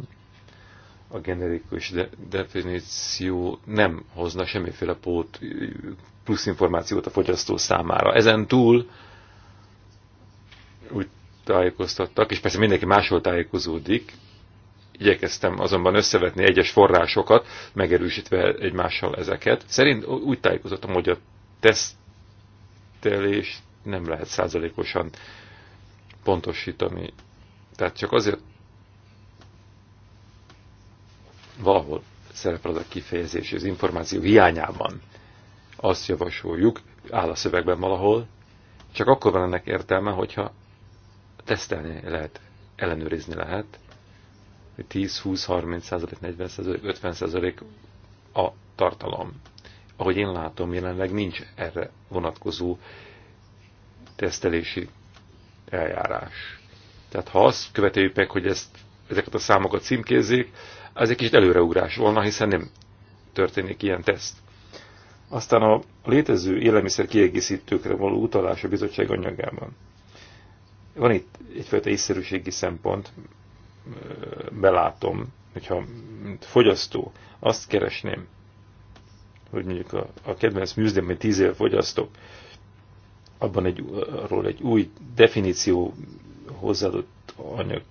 a generikus de definíció nem hozna semmiféle pót plusz információt a fogyasztó számára. Ezen túl úgy tájékoztattak, és persze mindenki máshol tájékozódik, Igyekeztem azonban összevetni egyes forrásokat, megerősítve egymással ezeket. Szerint úgy tájékozottam, hogy a tesztelés nem lehet százalékosan pontosítani. Tehát csak azért valahol szerepel az a kifejezés, az információ hiányában azt javasoljuk, áll a szövegben valahol, csak akkor van ennek értelme, hogyha tesztelni lehet, ellenőrizni lehet, 10-20-30 százalék, 40 százalék, 50 százalék a tartalom. Ahogy én látom, jelenleg nincs erre vonatkozó tesztelési eljárás. Tehát ha azt követeljük meg, hogy ezt, ezeket a számokat címkézzék, az egy kicsit előreugrás volna, hiszen nem történik ilyen teszt. Aztán a létező élelmiszer kiegészítőkre való utalás a bizottság anyagában. Van itt egyfajta észszerűségi szempont, belátom, hogyha mint fogyasztó azt keresném, hogy mondjuk a, a kedvenc műzdem, amit tíz év fogyasztok, abban egy, arról egy új definíció, hozzáadott anyag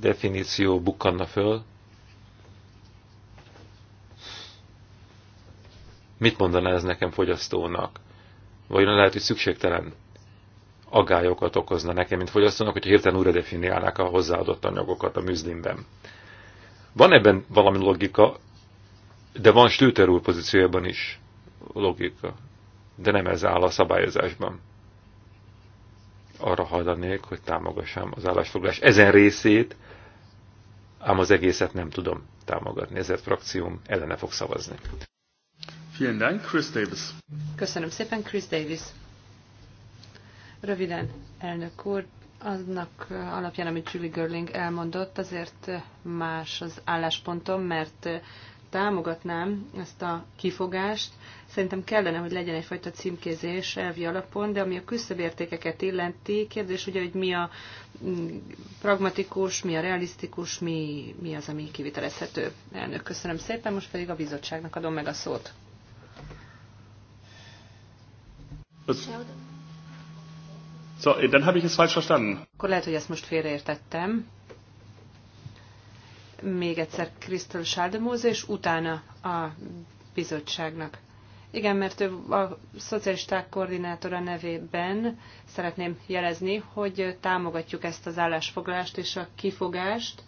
definíció bukkanna föl, mit mondaná ez nekem fogyasztónak? Vajon lehet, hogy szükségtelen agályokat okozna nekem, mint fogyasztónak, hogy hirtelen újra definiálnák a hozzáadott anyagokat a műzlimben. Van ebben valami logika, de van Stüter úr pozíciójában is logika, de nem ez áll a szabályozásban. Arra hajlanék, hogy támogassam az állásfoglalás ezen részét, ám az egészet nem tudom támogatni, ezért frakcióm ellene fog szavazni. Vielen Dank, Chris Davis. Köszönöm szépen, Chris Davis. Röviden, elnök úr, aznak alapján, amit Julie Görling elmondott, azért más az álláspontom, mert támogatnám ezt a kifogást. Szerintem kellene, hogy legyen egyfajta címkézés elvi alapon, de ami a küszöbértékeket illeti, kérdés ugye, hogy mi a mm, pragmatikus, mi a realisztikus, mi, mi az, ami kivitelezhető. Elnök, köszönöm szépen, most pedig a bizottságnak adom meg a szót. Köszönöm. So, dann habe ich es falsch verstanden. Akkor lehet, hogy ezt most félreértettem. Még egyszer Krisztel Schaldemose, és utána a bizottságnak. Igen, mert ő a szocialisták koordinátora nevében szeretném jelezni, hogy támogatjuk ezt az állásfoglalást és a kifogást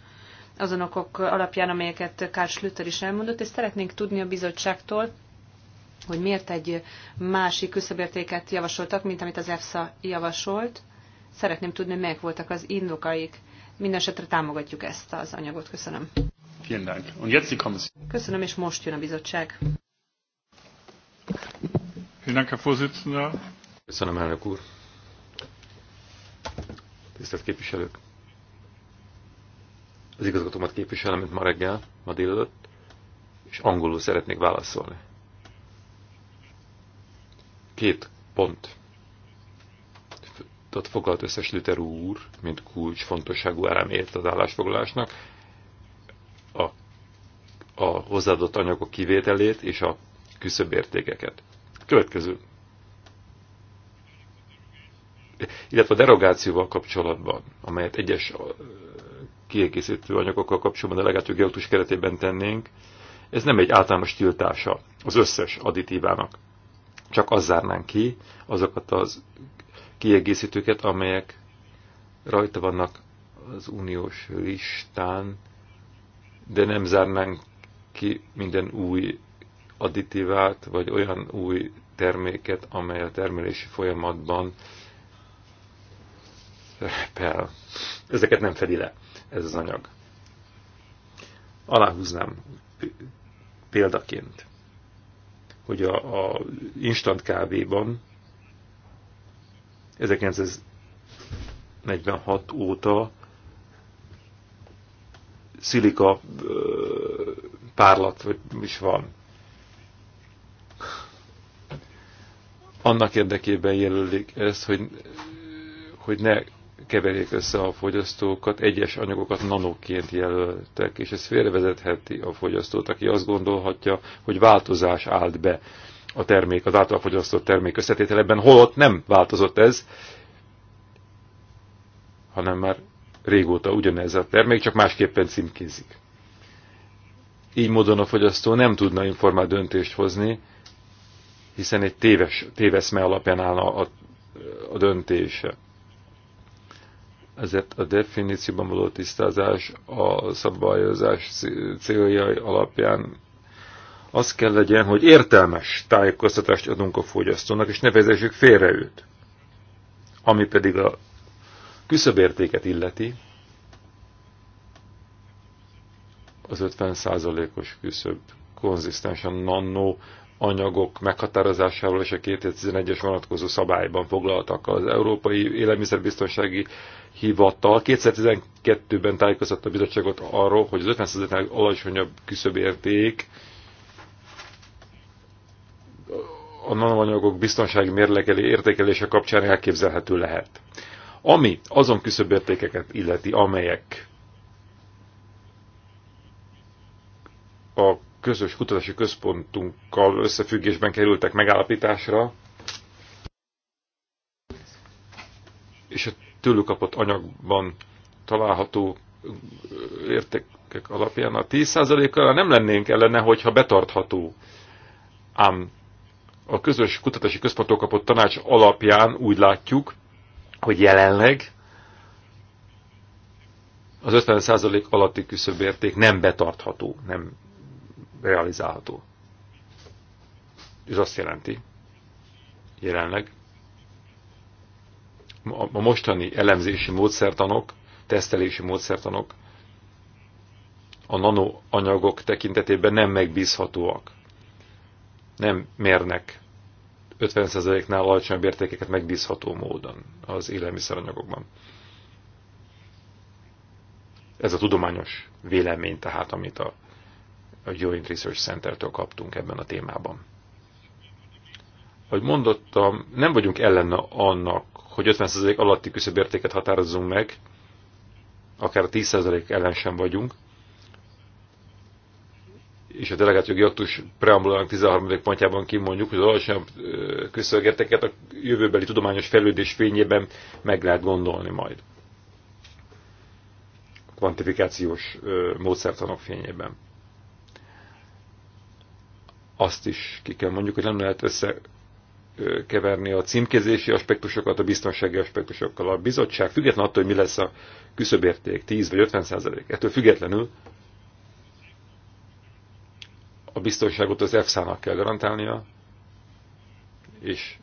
azon okok alapján, amelyeket Karl Schlüter is elmondott, és szeretnénk tudni a bizottságtól, hogy miért egy másik küszöbértéket javasoltak, mint amit az EFSA javasolt. Szeretném tudni, melyek voltak az indokaik. Mindenesetre támogatjuk ezt az anyagot. Köszönöm. Köszönöm, és most jön a bizottság. Köszönöm, elnök úr. Tisztelt képviselők! Az igazgatómat képviselem, mint ma reggel, ma délelőtt, és angolul szeretnék válaszolni. Két pont tehát foglalt összes Luther úr, mint kulcs fontosságú elemért az állásfoglalásnak, a, a hozzáadott anyagok kivételét és a értékeket. Következő. Illetve a derogációval kapcsolatban, amelyet egyes kiegészítő anyagokkal kapcsolatban delegált jogi keretében tennénk, ez nem egy általános tiltása az összes additívának csak az zárnánk ki azokat az kiegészítőket, amelyek rajta vannak az uniós listán, de nem zárnánk ki minden új additívát, vagy olyan új terméket, amely a termelési folyamatban repel. Ezeket nem fedi le ez az anyag. Aláhúznám példaként hogy a, a instant kávéban 1946 óta szilika párlat is van. Annak érdekében jelölik ezt, hogy, hogy ne keverjék össze a fogyasztókat, egyes anyagokat nanoként jelöltek, és ez félrevezetheti a fogyasztót, aki azt gondolhatja, hogy változás állt be a termék, az által fogyasztott termék összetételeben, holott nem változott ez, hanem már régóta ugyanez a termék, csak másképpen címkézik. Így módon a fogyasztó nem tudna informált döntést hozni, hiszen egy téves, téveszme alapján áll a, a, a döntése ezért a definícióban való tisztázás a szabályozás céljai alapján az kell legyen, hogy értelmes tájékoztatást adunk a fogyasztónak, és ne vezessük félre őt. Ami pedig a küszöbértéket illeti, az 50 os küszöb konzisztensen nano anyagok meghatározásával és a 2011-es vonatkozó szabályban foglaltak az Európai Élelmiszerbiztonsági Hivatal. 2012-ben tájékoztatta a bizottságot arról, hogy az 50%-nál alacsonyabb küszöbérték a nanomanyagok biztonsági mérlekeli értékelése kapcsán elképzelhető lehet. Ami azon küszöbértékeket illeti, amelyek a közös kutatási központunkkal összefüggésben kerültek megállapításra, és a tőlük kapott anyagban található értékek alapján a 10%-kal nem lennénk ellene, hogyha betartható. Ám a közös kutatási központok kapott tanács alapján úgy látjuk, hogy jelenleg az 50% alatti küszöbérték nem betartható, nem realizálható. Ez azt jelenti jelenleg, a mostani elemzési módszertanok, tesztelési módszertanok a nanoanyagok tekintetében nem megbízhatóak. Nem mérnek 50%-nál alacsonyabb értékeket megbízható módon az élelmiszeranyagokban. Ez a tudományos vélemény tehát, amit a a Joint Research Center-től kaptunk ebben a témában. Ahogy mondottam, nem vagyunk ellene annak, hogy 50% alatti küszöbértéket határozzunk meg, akár 10% ellen sem vagyunk, és a delegált jogi aktus preambulának 13. pontjában kimondjuk, hogy az alacsonyabb küszöbértéket a jövőbeli tudományos fejlődés fényében meg lehet gondolni majd kvantifikációs módszertanok fényében azt is ki kell mondjuk, hogy nem lehet összekeverni a címkézési aspektusokat a biztonsági aspektusokkal. A bizottság független attól, hogy mi lesz a küszöbérték, 10 vagy 50 százalék, ettől függetlenül a biztonságot az EFSA-nak kell garantálnia, és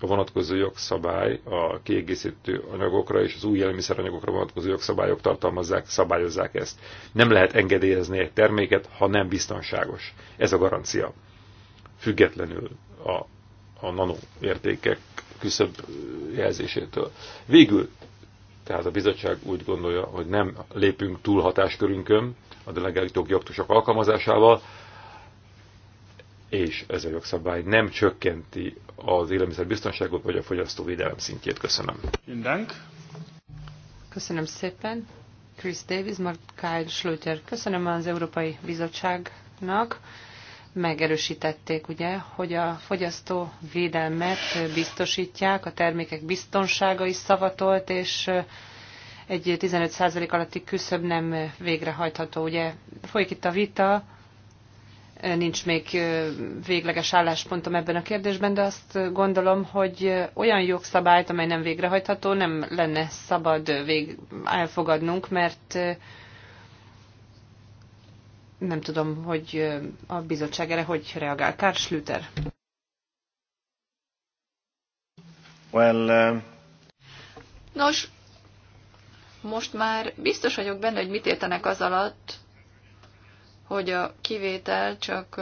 a vonatkozó jogszabály a kiegészítő anyagokra és az új élelmiszeranyagokra vonatkozó jogszabályok tartalmazzák, szabályozzák ezt. Nem lehet engedélyezni egy terméket, ha nem biztonságos. Ez a garancia függetlenül a, a nano értékek küszöbb jelzésétől. Végül, tehát a bizottság úgy gondolja, hogy nem lépünk túl hatáskörünkön a delegált jogi aktusok alkalmazásával, és ez a jogszabály nem csökkenti az élelmiszerbiztonságot vagy a fogyasztóvédelem szintjét. Köszönöm. Mindenk. Köszönöm szépen. Chris Davis, Mark Kyle Schlöter. Köszönöm az Európai Bizottságnak megerősítették, ugye, hogy a fogyasztó védelmet biztosítják, a termékek biztonsága is szavatolt, és egy 15% alatti küszöb nem végrehajtható. Ugye folyik itt a vita, nincs még végleges álláspontom ebben a kérdésben, de azt gondolom, hogy olyan jogszabályt, amely nem végrehajtható, nem lenne szabad vég elfogadnunk, mert nem tudom, hogy a bizottság erre hogy reagál. Kár Schlüter. Well, uh... Nos, most már biztos vagyok benne, hogy mit értenek az alatt, hogy a kivétel csak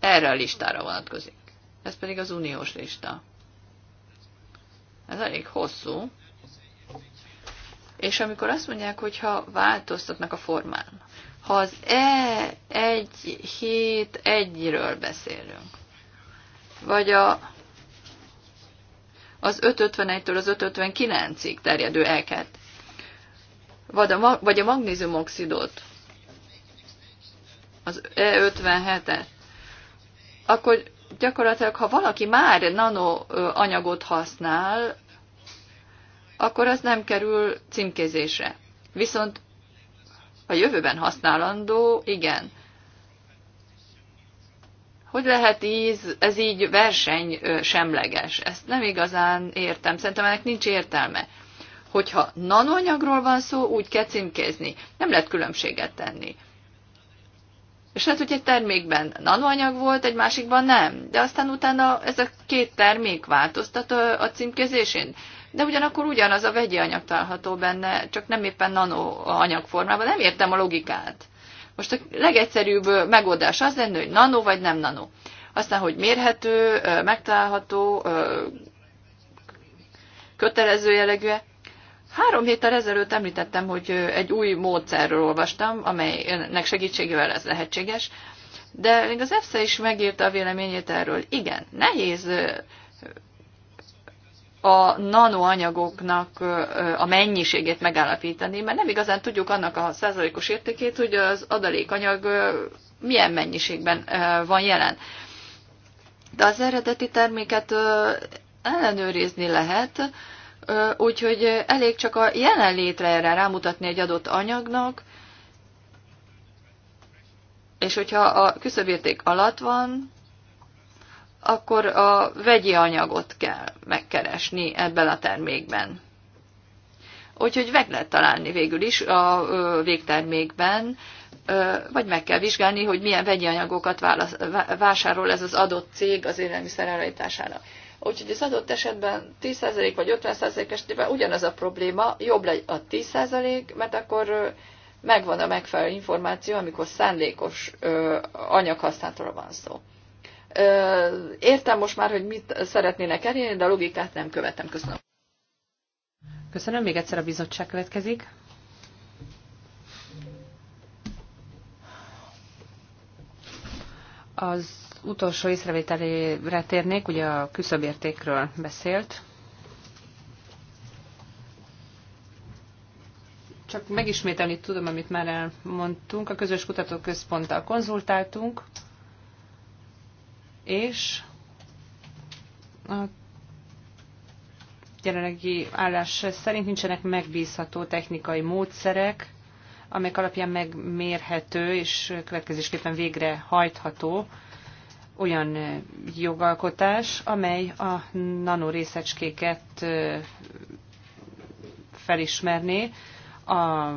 erre a listára vonatkozik. Ez pedig az uniós lista. Ez elég hosszú. És amikor azt mondják, hogy ha változtatnak a formán, ha az e egy hét egyről beszélünk, vagy a, az 551-től az 559-ig terjedő elket, vagy a, vagy a magnéziumoxidot, az E57-et, akkor gyakorlatilag, ha valaki már nanoanyagot használ, akkor az nem kerül címkézésre. Viszont a jövőben használandó, igen. Hogy lehet íz, ez így verseny semleges? Ezt nem igazán értem. Szerintem ennek nincs értelme. Hogyha nanonyagról van szó, úgy kell címkézni. Nem lehet különbséget tenni. És hát, hogy egy termékben nanoanyag volt, egy másikban nem. De aztán utána ez a két termék változtat a, a címkézésén de ugyanakkor ugyanaz a vegyi anyag található benne, csak nem éppen nano anyagformában. Nem értem a logikát. Most a legegyszerűbb megoldás az lenne, hogy nano vagy nem nano. Aztán, hogy mérhető, megtalálható, kötelező jellegű. Három héttel ezelőtt említettem, hogy egy új módszerről olvastam, amelynek segítségével ez lehetséges, de még az EFSA is megírta a véleményét erről. Igen, nehéz a nanoanyagoknak a mennyiségét megállapítani, mert nem igazán tudjuk annak a százalékos értékét, hogy az adalékanyag milyen mennyiségben van jelen. De az eredeti terméket ellenőrizni lehet, úgyhogy elég csak a jelenlétre erre rámutatni egy adott anyagnak, és hogyha a küszöbérték alatt van, akkor a vegyi anyagot kell megkeresni ebben a termékben. Úgyhogy meg lehet találni végül is a végtermékben, vagy meg kell vizsgálni, hogy milyen vegyi anyagokat válasz, vásárol ez az adott cég az élelmiszer előállítására. Úgyhogy az adott esetben 10% vagy 50% esetében ugyanaz a probléma, jobb legy a 10%, mert akkor megvan a megfelelő információ, amikor szándékos anyaghasználatról van szó. Értem most már, hogy mit szeretnének elérni, de a logikát nem követem. Köszönöm. Köszönöm. Még egyszer a bizottság következik. Az utolsó észrevételére térnék, ugye a küszöbértékről beszélt. Csak megismételni tudom, amit már elmondtunk. A közös kutatóközponttal konzultáltunk, és a jelenlegi állás szerint nincsenek megbízható technikai módszerek, amelyek alapján megmérhető és következésképpen végrehajtható olyan jogalkotás, amely a nanorészecskéket felismerné a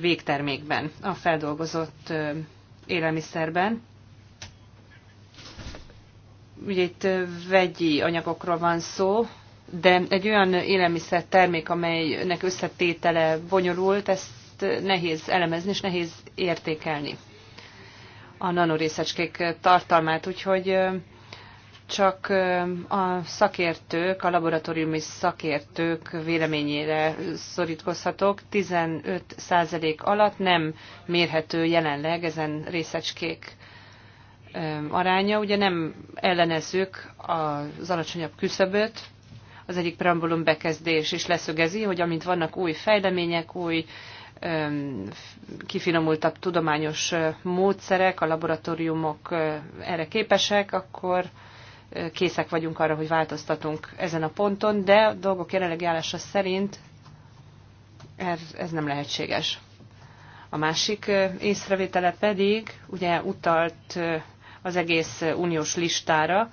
végtermékben, a feldolgozott élelmiszerben, ugye itt vegyi anyagokról van szó, de egy olyan élelmiszer termék, amelynek összetétele bonyolult, ezt nehéz elemezni és nehéz értékelni a nanorészecskék tartalmát, úgyhogy csak a szakértők, a laboratóriumi szakértők véleményére szorítkozhatok. 15% alatt nem mérhető jelenleg ezen részecskék aránya. Ugye nem ellenezzük az alacsonyabb küszöböt, az egyik preambulum bekezdés is leszögezi, hogy amint vannak új fejlemények, új kifinomultabb tudományos módszerek, a laboratóriumok erre képesek, akkor készek vagyunk arra, hogy változtatunk ezen a ponton, de a dolgok jelenlegi állása szerint ez nem lehetséges. A másik észrevétele pedig, ugye utalt az egész uniós listára.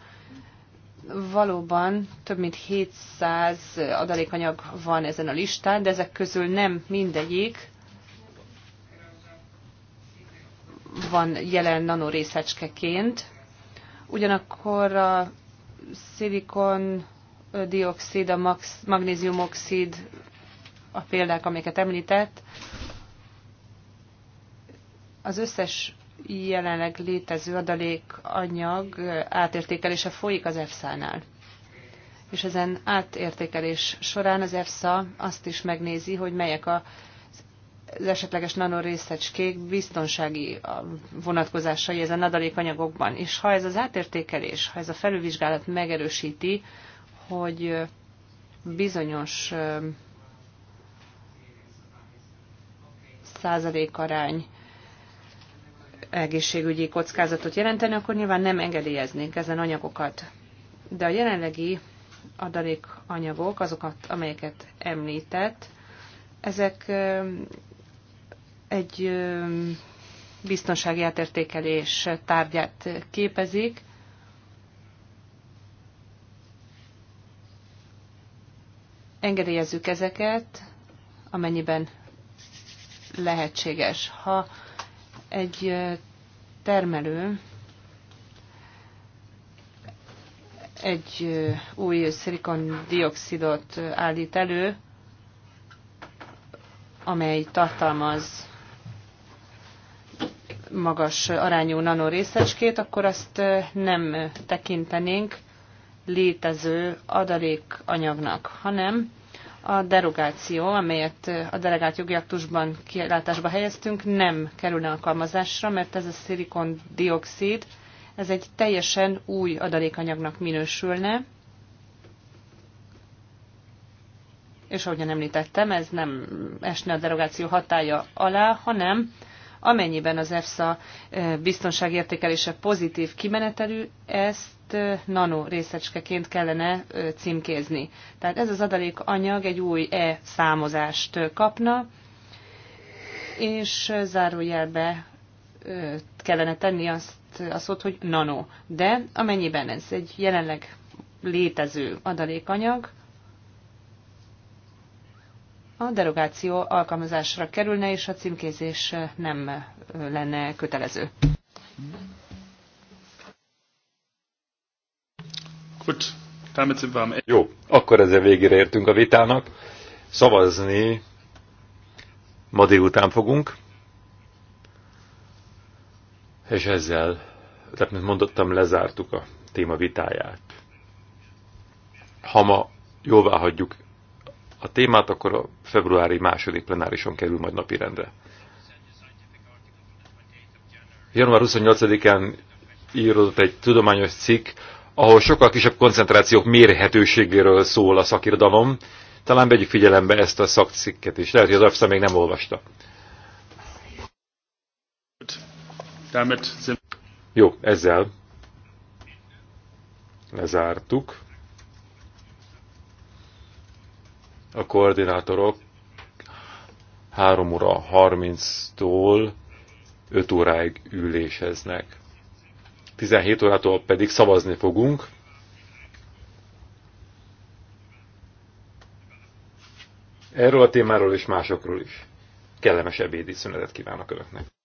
Valóban több mint 700 adalékanyag van ezen a listán, de ezek közül nem mindegyik van jelen nanorészecskeként. Ugyanakkor a szilikon dioxid, a magnéziumoxid, a példák, amiket említett, az összes jelenleg létező adalékanyag átértékelése folyik az EFSA-nál. És ezen átértékelés során az EFSA azt is megnézi, hogy melyek a az esetleges nanorészecskék biztonsági vonatkozásai ezen adalékanyagokban. És ha ez az átértékelés, ha ez a felülvizsgálat megerősíti, hogy bizonyos százalékarány egészségügyi kockázatot jelenteni, akkor nyilván nem engedélyeznénk ezen anyagokat. De a jelenlegi adalék anyagok, azokat, amelyeket említett, ezek egy biztonsági átértékelés tárgyát képezik, engedélyezzük ezeket, amennyiben lehetséges. Ha egy termelő egy új szirikondioxidot állít elő, amely tartalmaz magas arányú nanorészecskét, akkor azt nem tekintenénk létező adalékanyagnak, hanem a derogáció, amelyet a delegált jogi aktusban kilátásba helyeztünk, nem kerülne alkalmazásra, mert ez a szilikoндioxid, ez egy teljesen új adalékanyagnak minősülne, és ahogyan említettem, ez nem esne a derogáció hatája alá, hanem Amennyiben az EFSA biztonságértékelése pozitív kimenetelű, ezt nano részecskeként kellene címkézni. Tehát ez az adalék anyag egy új E számozást kapna, és zárójelbe kellene tenni azt azt hogy nano. De amennyiben ez egy jelenleg létező adalékanyag, a derogáció alkalmazásra kerülne, és a címkézés nem lenne kötelező. Jó, akkor ezzel végére értünk a vitának. Szavazni ma délután fogunk. És ezzel, tehát mint mondottam, lezártuk a téma vitáját. Ha ma jóvá hagyjuk a témát, akkor a februári második plenárison kerül majd napirendre. Január 28-án írodott egy tudományos cikk, ahol sokkal kisebb koncentrációk mérhetőségéről szól a szakirodalom. Talán vegyük figyelembe ezt a szakcikket is. Lehet, hogy az AFSZA még nem olvasta. Jó, ezzel lezártuk. a koordinátorok 3 óra 30-tól 5 óráig üléseznek. 17 órától pedig szavazni fogunk. Erről a témáról és másokról is. Kellemes ebédi szünetet kívánok Önöknek!